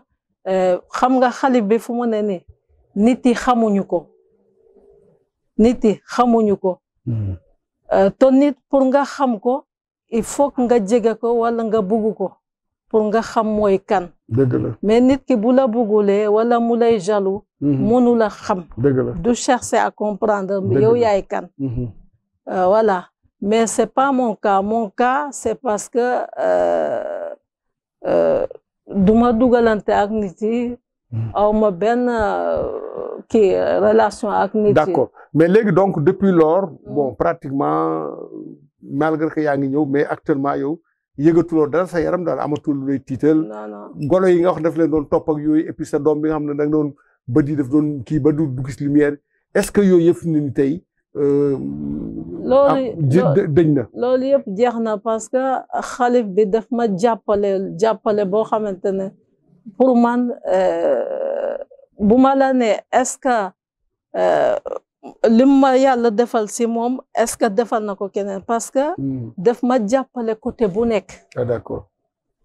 euh, xam nga xale bi fu mu ne nii nit yi xamuñu ko nit yi xamuñu ko. Hmm. Euh, te nit pour nga xam ko il faut nga jege ko wala nga bugg ko pour nga xam mooy kan. dëgg mais nit ki bu la buggulee wala mu lay jaloux. Mhm. mënu la xam. dëgg la du chercher à comprendre. yow yaay kan. Mhm. Euh, voilà mais c'est pas mon cas mon cas c'est parce que euh, euh, du ma dugalante ak nit yi. Mhm. aw ma benn kii relation ak nit yi. d'accord mais léegi donc depuis lors bon pratiquement malgré que yaa ngi ñëw mais actuellement yow. yëgatuloo dara sa yaram daal amatul lu lay tiital golo yi nga wax daf leen doon topp ak yooyu et puis sa nga xam ne danga doon bët yi daf doon kii ba du gis lumière est-ce que yooyu yëpp ni ni tey euh, loolu dëñ na loolu yëpp jeex na parce que xalif bi daf ma jàppale jàppale boo xamante ne pour man euh, bu ma ne est-ce que euh, lim ma yàlla defal si moom est-ce que defal na ko keneen parce que hmm. def ma jàppale côté bu nekk ah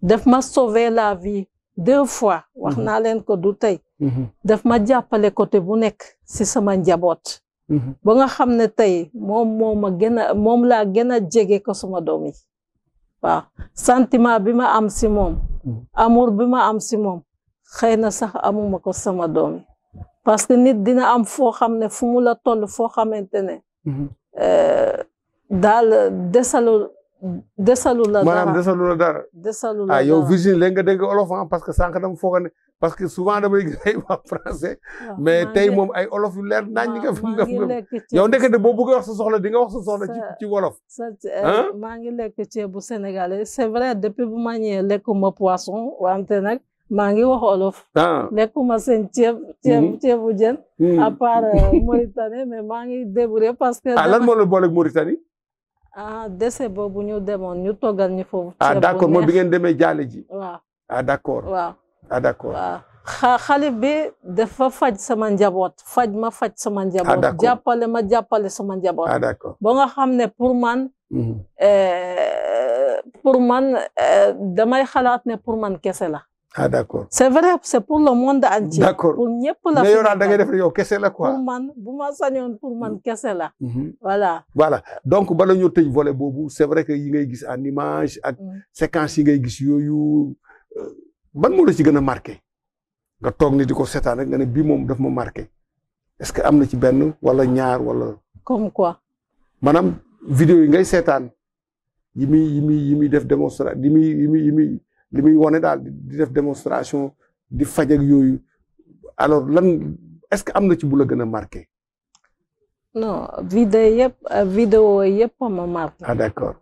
def ma sauver la vie deux fois wax hmm. naa leen ko du tey hmm. daf ma jàppale côté bu nekk si sama njaboot ba nga xam ne tey moom moo ma laa gën a jege ko suma doom yi waaw sentiment bi ma am si moom amour bi ma am si moom xëy na sax amuma ko sama doom yi parce que nit dina am foo xam ne fu mu la toll foo xamante ne. Mhm. Euh, daal desalu desalu la. dara maanaam desalu la dara. desalu la dara ah yow Virginie léegi nga dégg olof ah, parce que sànq dama foog ne parce que souvent damay gis ay wax mais tey moom ay olof yu leer nañ ñi nga. maa yow ndekete boo bëggee wax sa soxla di nga wax sa soxla. ci ci wolof. Euh, maa ngi lekk ceeb bu sénégalais c'est vrai depuis bu ma ñëwee ma poisson wante nag. maa ngi wax olof. nekkuma seen ceeb ceeb ceebu jën. à part Mauritanie mais maa ngi débrouillé parce que. ah lan moo la ah dese boobu ñu demoon ñu toggal ñu foofu. ceeb bu ah d' accord bi ngeen demee jaale ji. waaw ah d' accord. waaw ah d' accord. xale bi dafa faj sama njaboot faj ma faj sama njaboot. jàppale ma jàppale sama njaboot. ah d' ba nga xam ne pour man. pour man damay xalaat ne pour man kese la. ah d' accord c' est vrai c' est pour le monde entier. d' pour ñëpp la. mais yow daal da ngay def yow kese la quoi. pour man bu ma sañoon pour man mm-hmm. kese la. Mm-hmm. voilà. voilà donc bala ñu tëj volet boobu c' est vrai que yi ngay gis en image ak mm. séquence yi ngay gis yooyu euh, ban moo la ci gën a marqué nga toog ni di ko seetaan rek nga ne bii moom def ma marqué est ce que am na ci benn wala ñaar wala. comme quoi. maanaam vidéo yi ngay seetaan yi muy yi muy def démonstration yi muy yi muy li muy wane daal di def démonstration di faj yooyu alors lan est-ce que am na ci bula la gën a marqué. non vidéo yëpp vidéo yëpp ma marqué. ah d'accord.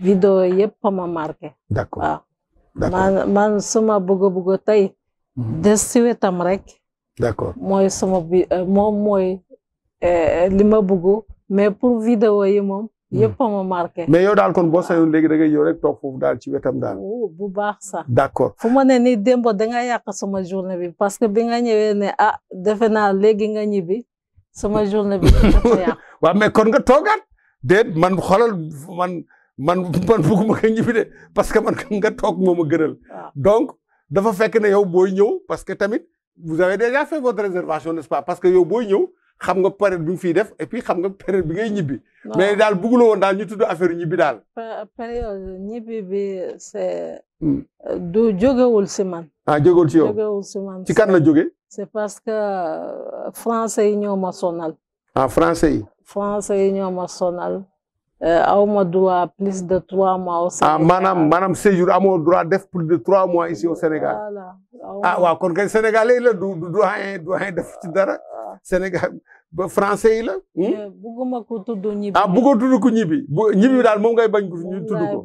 vidéo yëpp ma marqué. d'accord waaw. d'accord man man suma bëgg bëgg tey. Mhm. des si rek. d'accord mooy suma bi euh, moom mooy euh, li ma bëgg mais pour vidéo yi moom. yëpp a hmm. ma marqué. yow daal kon boo sañoon léegi da ngay yow rek toog foofu daal ci wetam daal. bu baax sax. d' accord fu ma ne nii démb da nga yàq sama journée bi parce que bi nga ñëwee ne ah defe naa léegi nga ñibbi sama journée bi dafa [LAUGHS] yàq. waaw mais kon nga toogaat déet man xoolal man man man bëgguma ko ñibbi de parce que man nga toog moo ma gënal. donc dafa fekk ne yow booy ñëw parce que tamit vous avez déjà fait votre réservation n' pas parce que yow booy ñëw. xam nga période bi nga fiy def et puis xam nga période bi ngay ñibbi. mais daal bëgguloo woon daal ñu tudd affaire ñibbi daal. période ñibbi bi c'est. Hmm. du jógewul si man. ah jógewul si yow si man. ci kan la jóge. c'est parce que euh, français yi ñoo ma sonal. ah français yi. français yi ñoo ma sonal. Euh, aw ma droit plus de trois mois au ah, Sénégal. ah maanaam maanaam séjour amoo droit def plus de mois ici au Sénégal. ah kon kay sénégalais yi la du du def ci dara. Ah, Sénégal ba français yi la. Hmm? Euh, bugguma ko tudd ñibbi. ah buggoo tudd ko ñibbi bu ñibbi daal moom ngay bañ. ñu tudd ko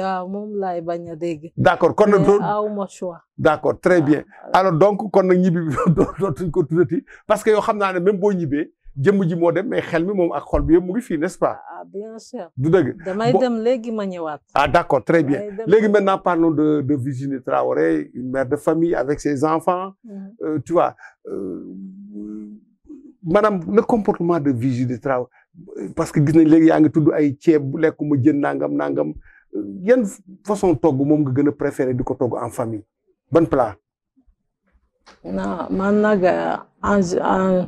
ah, moom laay bañ a dégg. d' accord kon nag. aw ma choix. d' accord très bien alors donc kon nag ñibbi [LAUGHS] dootuñ ko tuddati parce que yoo xam naa ne même boo ñibbee. jëmm ji moo dem mais xel mi moom ak xol bi yëpp mu ngi fii n'est-ce pas. ah du dëgg damay dem léegi ma ñëwaat. ah d'accord très bien léegi maintenant parlons de de Virginie Traoré une mère de famille avec ses enfants. Mhm. Euh, tu vois euh, maanaam le de Virginie parce que gis nañ léegi yaa ngi tudd ay ceeb lekkuma jën nangam nangam euh, yan façon togg moom nga gën a préféré di ko togg en famille ban plat. Euh, en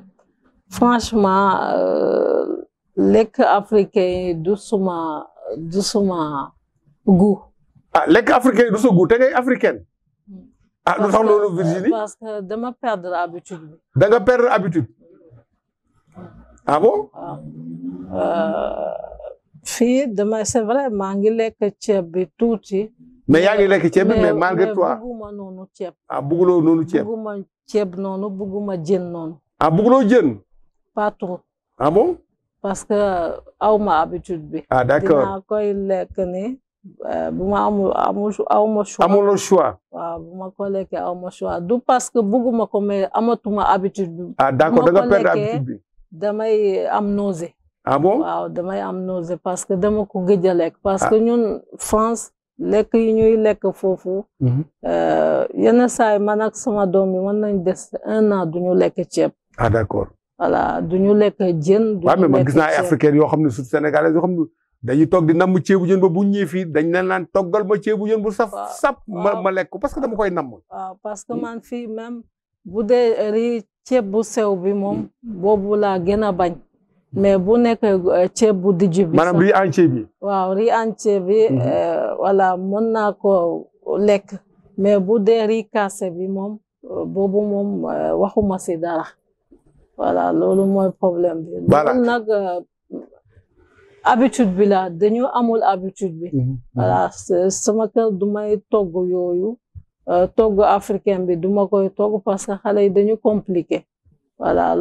franchement lekk africain yi du suma gu. ah lekk africain yi du suma gu te ngay ah lu tax loolu Virginie. parce que dama perdre habitude bi. da nga perdre habitude. ah bon. Euh, fii dama c'est vrai maa ngi lekk ceeb bi tuuti. mais yaa ngi lekk ceeb bi mais malgré toi mais bugguma noonu ceeb. ah bugguloo noonu ceeb bugguma ceeb noonu bugguma noonu. ah bugguloo jën. Pas trop. ah bon. que aw ma habitude bi. ah d'accord dinaa koy lekk ni euh, bu ma amul amul aw ma choix. amuloo bu ma ko lekkee aw ma choix du parce que bugguma ko mais amatuma habitude bi. ah d'accord da nga perdre habitude bi damay am nausée. ah damay am nausée parce que dama ko gëj a lekk. parce ah. que ñun France. lekk yi ñuy lekk foofu. Mhm. Euh, yenn saa yi man sama doom yi mën nañ des un an du ñu lekk ceeb. ah voilà du ñu lekk jën. du ñu lekk gis na ay africains yoo xam ne surtout sénégalais yoo xam ne dañuy toog di namm ceebu jën ba bu ñëwee fii dañ leen naan toggal ma ceebu jën bu saf. sap ma ma lekk ko parce que dama koy namm. waaw parce que hmm. man fii même bu dee riz ceeb bu sew bi moom hmm. boobu laa gën a bañ. mais bu nekk euh, ceeb bu dijj bi. maanaam riz bi. waaw riz entier bi. Hmm. Euh, mën naa ko lekk. mais bu dee riz kaase bi moom euh, boobu moom waxuma si dara. voilà loolu mooy problème bi. voilà nag euh, habitude dañoo amul habitude bi. Mhm. voilà sama kër du may togg yooyu euh, togg africain bi du ma koy togg parce que xale yi dañu compliqué. Voilà,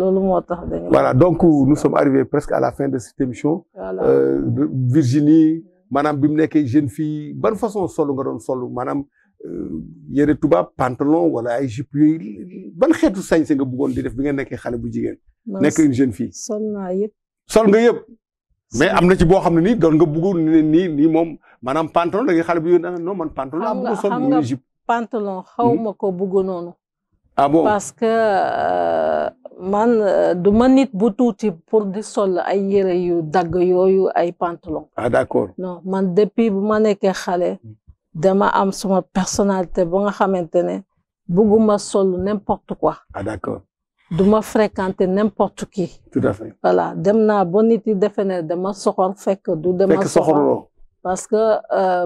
tax donc nous sommes arrivés presque à la fin de cette émission. Voilà. Euh, bi Madame Bimneke, jeune fille, bonne façon, nga solo, madame, Euh, yëre tubaab pantalon wala ay jupe yooyu ban xeetu se nga bëggoon di def bi nga nekkee xale bu jigéen. nekk une jeune fille. sol naa yëpp. sol nga yëpp. mais am na ci boo xam ne nii doon nga bëggoon ne nii nii moom maanaam pantalon da nga xale bu yooyu ah non man pantalon. am nga sol nga jupe pantalon xaw hmm? ma ko bëgg noonu. Ah parce que euh, man euh, du ma nit bu tuuti pour di sol ay yëre yu dagg yooyu ay pantalon. ah d'accord non man depuis bu ma nekkee xale. Hmm. dama am suma personnalité ba nga xamante ne bugguma sol n'importe quoi. ah d'accord. du ma fréquenter n'importe qui. tout à fait voilà dem naa ba nit yi defe ne dama soxor fekk du. dama soxor parce que euh,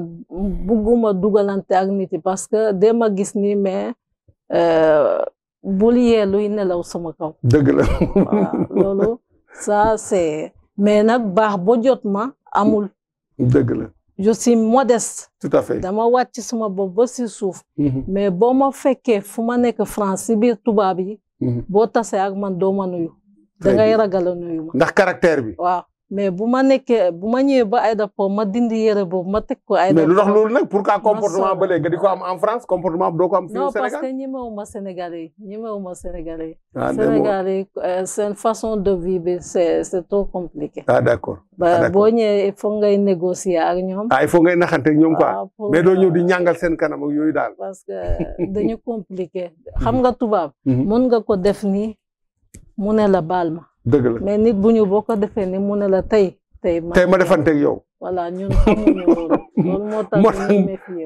bugguma dugalante ak nit yi parce que dama gis nii mais euh, bul yeeluy nelaw sama kaw. dëgg la voilà loolu ça c'est mais nag baax ba jot ma amul. dëgg la. je suis modeste. tout à fait dama wàcc suma bopp ba si suuf. Mm-hmm. mais boo ma fekkee fu ma nekk France si biir tubaab yi. Mm-hmm. boo tasee ak man doo ma nuyu. da ngay ragal nuyu ma. ndax caractère bi. mais bu ma nekkee bu ma ñëwee ba aéroport ma dindi yére boobu ma teg ko. aéroport mais lu tax loolu nag pour que comportement ba léegi nga di ko am en France comportement doo ko am. fii Sénégal non parce que ñemewuma Sénégalais ñemewuma Sénégalais. ah Sénégalais euh, seen façon de vivre c'est c'est trop compliqué. ah d'accord ba ah, boo ñëwee il faut ngay négocier ak ñoom. ah il faut ngay naxante ak ñoom quoi. Ah, mais doo ñëw di ñàngal seen kanam ak yooyu daal. parce que euh, dañu [LAUGHS] compliqué. Mm-hmm. xam nga tubaab. mën mm-hmm. nga ko def nii mu ne la baal ma. dëgg la mais nit bu ñu boo ko defee ni mu ne la tey. tey ma defanteeg yow. voilà ñun xamuñu loolu.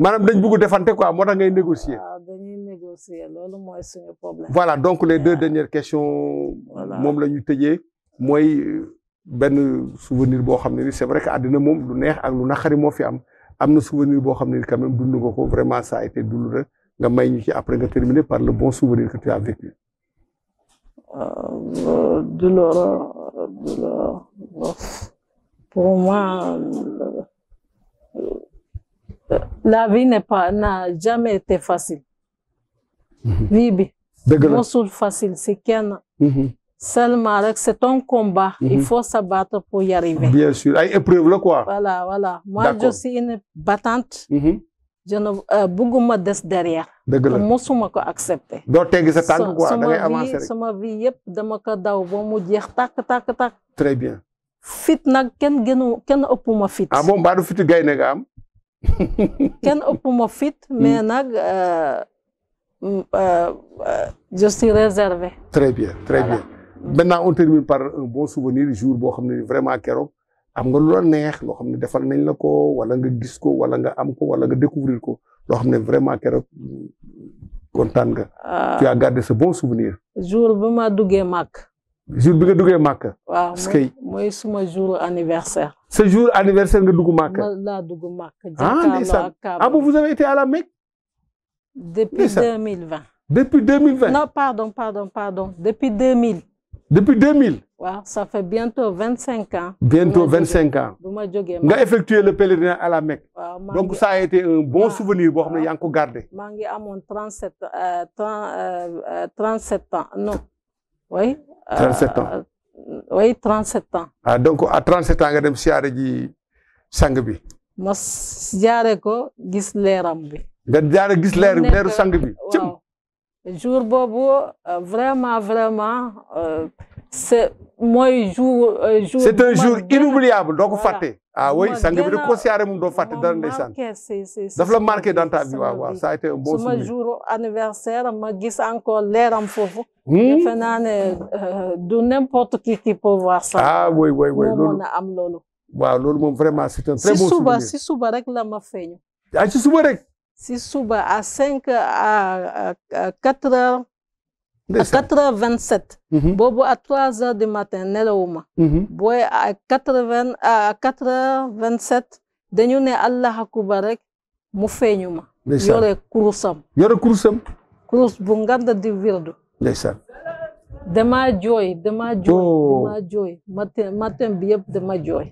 dañ bëgg defante quoi moo tax ngay négocier. waaw ah, dañuy négocier loolu mooy suñu problème. voilà donc les deux ah. dernières question moom la ñu tëjee mooy. Euh, benn souvenir boo xam ne ni c'est vrai que àddina moom lu neex ak lu naqari moo fi am am na souvenir boo xam ne ni quand même dund ko vraiment ça a été nga may ñu ci après nga terminer par le bon souvenir que tu as vécu. Euh, douloureux, douloureux. Pour euh, la vie n'est pas n'a jamais été facile. Mhm. vie mosul facile si kenn. Mhm. seulement rek c'est un combat. il mhm. faut se pour arriver. ay épreuve la quoi. voilà voilà moi je suis une je euh, ne bugguma des derrière. dëgg la mosuma ko accepter. doo teggi sa tànk quoi da ngay avancer rek sama vie yëpp dama ko daw ba mu jeex tàkk tàkk tàkk. très bien. fit nag kenn gënu kenn ëppuma fit. ah bon mbaa du fitu gay am. [LAUGHS] kenn ëppuma fit. mais hmm. nag euh, euh, je suis réservé. très bien très bien maintenant par un bon souvenir jour boo xam ne vraiment keroog. am nga lu neex loo xam ne defal nañ la ko wala nga gis ko wala nga am ko wala nga découvrir ko loo xam ne vraiment keroog kontaan nga. Ah. tu as ce bon souvenir. jour ba ma duggee màkk. jour bi nga duggee màkk. waaw mooy suma jour anniversaire. ce jour anniversaire nga dugg màkk. ma laa dugg màkk. Ah, ah bon vous avez été à la depuis deux mille vingt. depuis deux mille depuis deux mille. depuis 2000. waaw ça fait bientôt 25 ans. bientôt 25 ans. bu ma jógee nga effectué le pèlerinage à la Mecque. donc ça a bon souvenir boo xam ne yaa ngi ko maa ngi amoon trent 37 euh, euh, euh, ans non oui. 37 ans oui ans. ah donc à 37 ans nga dem siyaare ji sang bi. ma siyaare ko gis leeram nga jaare gis leer leeru sang bi. jour boobu euh, vraiment vraiment euh, c'est mooy jour. Euh, jour c'est un jour inoubliable doo ko fàtte. ah oui sang bi de considéré moom doo fàtte dara ndeysaan. daf la marqué dans ta waaw waaw ça a été un bon souvenir. suma jour anniversaire ma gis encore leeram foofu. Hmm? defe naa ne du n'importe qui qui peut ah oui oui loolu moo moom vraiment c'est un très bon suba rek la ma feeñu. ah suba rek. si suba à cinq à quatre heures à quatre heures vingt sept mhm. boobu à trois heures du matin nelawuma mhm. booy à quatre vingt à quatre heures vingt sept dañu ne allah akubar rek mu feeñu ma yore kurusam yore kurusam kurus bu nganda di wirdu ndeysaan dama jooy dama jooy oh. jooy matin matin bi yëpp dama jooy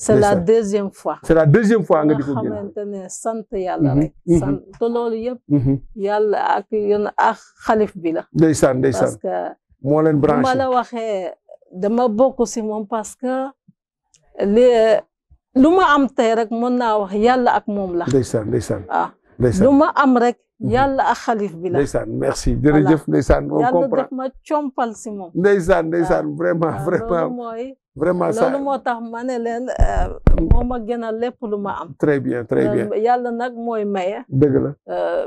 c' est la deuxième fois. c' la deuxième fois nga di ko génn ne sant yàlla mhm, rek. Mhm. sant te loolu yëpp. Mhm. yàlla ak yoon ak xalif bi la. ndeysaan ndeysaan parce que. ma la waxee dama bokk si moom parce que lu ma am tey rek mën naa wax yàlla ak moom la. ndeysaan ndeysaan waaw. Ah, lu ma am rek. yàlla ak xalif bi la. ndeysaan merci jërëjëf ndeysaan. on comprend yàlla def ma compal si moom. ndeysaan ndeysaan ah, vraiment ah, vraiment. vraiment ça loolu moo tax ma ne leen euh, moo ma gënal lépp lu ma am. très euh, bien yàlla nag mooy maye. dëgg la. Euh,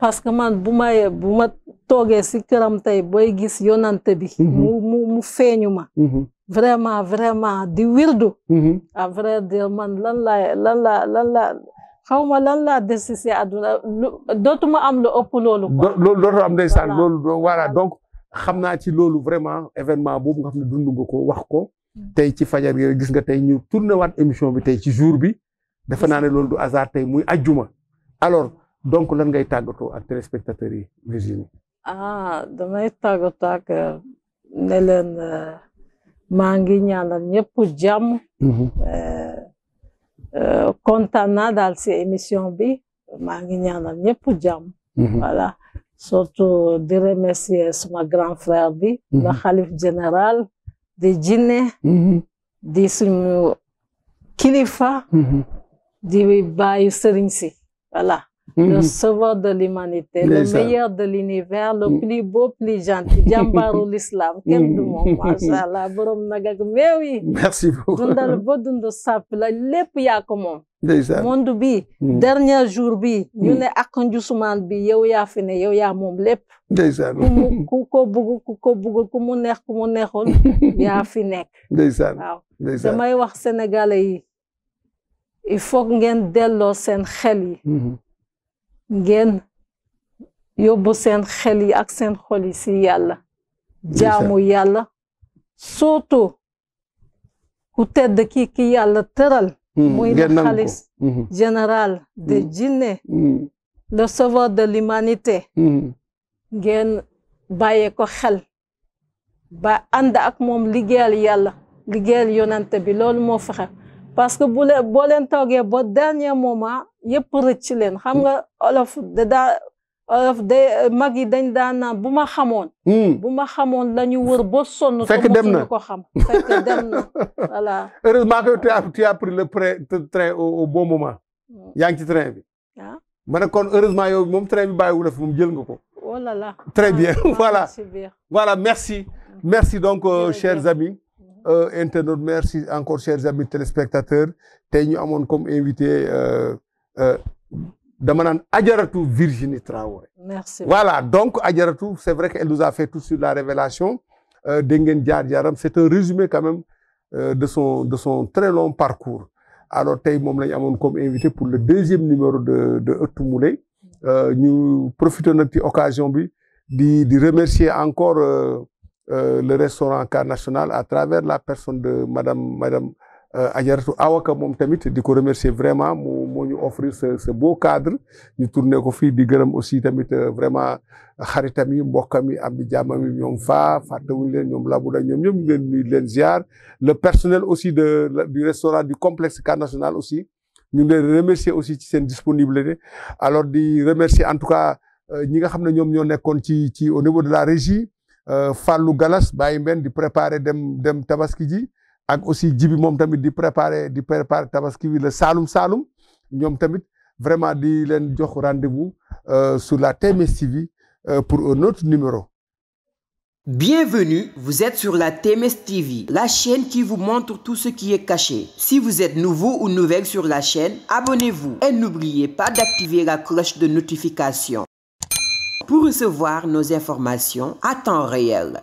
parce que man bu may bu ma toogee si këram tey booy gis yonante bi. Mhm. mu mu feeñu ma. Mhm. vraiment vraiment di wirdu. Mhm. à vrai dire man lan laa lan laa lan laa. xaw ma lan laa des si àdduna dootuma am lu ëpp loolu. quoi loolu dootoo am ndeysaan loolu voilà donc. xam naa ci loolu vraiment événement boobu nga xam ne dund ko wax ko. Mm. tey ci fajar gi gis nga tey ñu na waat émission bi tey ci jour bi. dafa naa ne loolu du hasard tey muy ajjuma alors donc lan ngay tàggatoo ak téléspectateurs yi Virginie. ah damay tàggatoo ak euh, ne leen euh, maa ngi ñaanal ñëpp jàmm. Mm-hmm. Euh, kontaan naa daal si émission bi maa ngi ñaanal ñëpp jàmm. Mm-hmm. voilà. surtout di remercier suma grand frère bi la xalif mhm. général di jinne mhm. di suñu kilifa mhm. di bàyyi sëriñ si voilà le de l'humanité le meilleur de l'univers le plus beau plus gentil jàmbaaru l'islam kenn du moom macha allah borom nag ak meew yi merci la lépp yaa ko ndeysaan bi hmm. dernier jour bi ñu hmm. ne ak Njusumaan bi yow yaa fi ne yow yaa moom lépp ndeysaan ku ko bugg ku mu neex ku mu neexoon [LAUGHS] yaa fi nekk ndeysaan waaw wax sénégalais yi il faut ngeen delloo seen xel hmm. ngeen yóbbu seen xel ak seen xol yi si yàlla jaamu yàlla surtout ku tedd kii ki yàlla tëral Hmm. muy le khalife général de Djinné le sauveur de l'humanité hmm. ngeen bàyyee ko xel ba ànd ak moom liggéeyal yàlla liggéeyal yonante bi loolu moo fexe parce que bu boo leen toogee ba dernier moment yëpp xam nga hmm. olof da de mag yi dañ daan naan bu ma xamoon. Hmm. bu ma xamoon la ñu wër ba sonn. fekk dem na ko xam fekk dem na voilà. [LAUGHS] heureusement que tu as pris le train au bon moment. Hmm. yaa ngi ci train bi. ah ma ne kon heureusement yow moom train bi bàyyiwul fi moom jël nga ko. oh là très bien ah, [LAUGHS] voilà voilà merci. Hmm. merci donc euh, chers amis. Euh, internautes merci encore chers amis téléspectateurs tey ñu amoon comme invité. Euh, dama naan ajaratu Virginie Traoré. merci voilà donc ajaratu c' est vrai que elle nous a fait la révélation euh, dégg ngeen jaar-jaaram c' est un résumé quand même euh, de son de son très long parcours. alors tey moom la amoon comme invité pour le deuxième numéro de de Eutou Moulay euh, ñu profité nag ci occasion bi di di remercier encore euh, euh, le restaurant Car National à travers la personne de madame madame. Euh, ajaratu awaka moom tamit di ko remercier vraiment mu moo ñu offrir ce ce beau cadre ñu tourné ko fii di gërëm aussi tamit euh, vraiment xaritam yi mbokkam yi am di jàmmam yi ñoom faa fàttewuñ leen ñoom labuda ñoom ñoom ñu leen leen ziar le personnel aussi de du restaurant du complexe Can National aussi ñu ngi leen remercier aussi ci seen disponibilité alors di remercier en tout cas euh, ñi nga xam ne ñoom ñoo nekkoon ci ci au niveau de la régie Fallou Galas bayi mbenn di préparer dem dem tabaski ji ak aussi jibi moom tamit di préparer di préparer tabaski bi Saalum Saalum ñoom tamit vraiment di leen jox rendez-vous euh, sur la TMS euh, pour un autre numéro. Bienvenue, vous êtes sur la TMS la chaîne qui vous montre tout ce qui est caché. Si vous êtes nouveau ou nouvelle sur la chaîne, abonnez-vous et n'oubliez pas d'activer la cloche de notification pour recevoir nos informations à temps réel.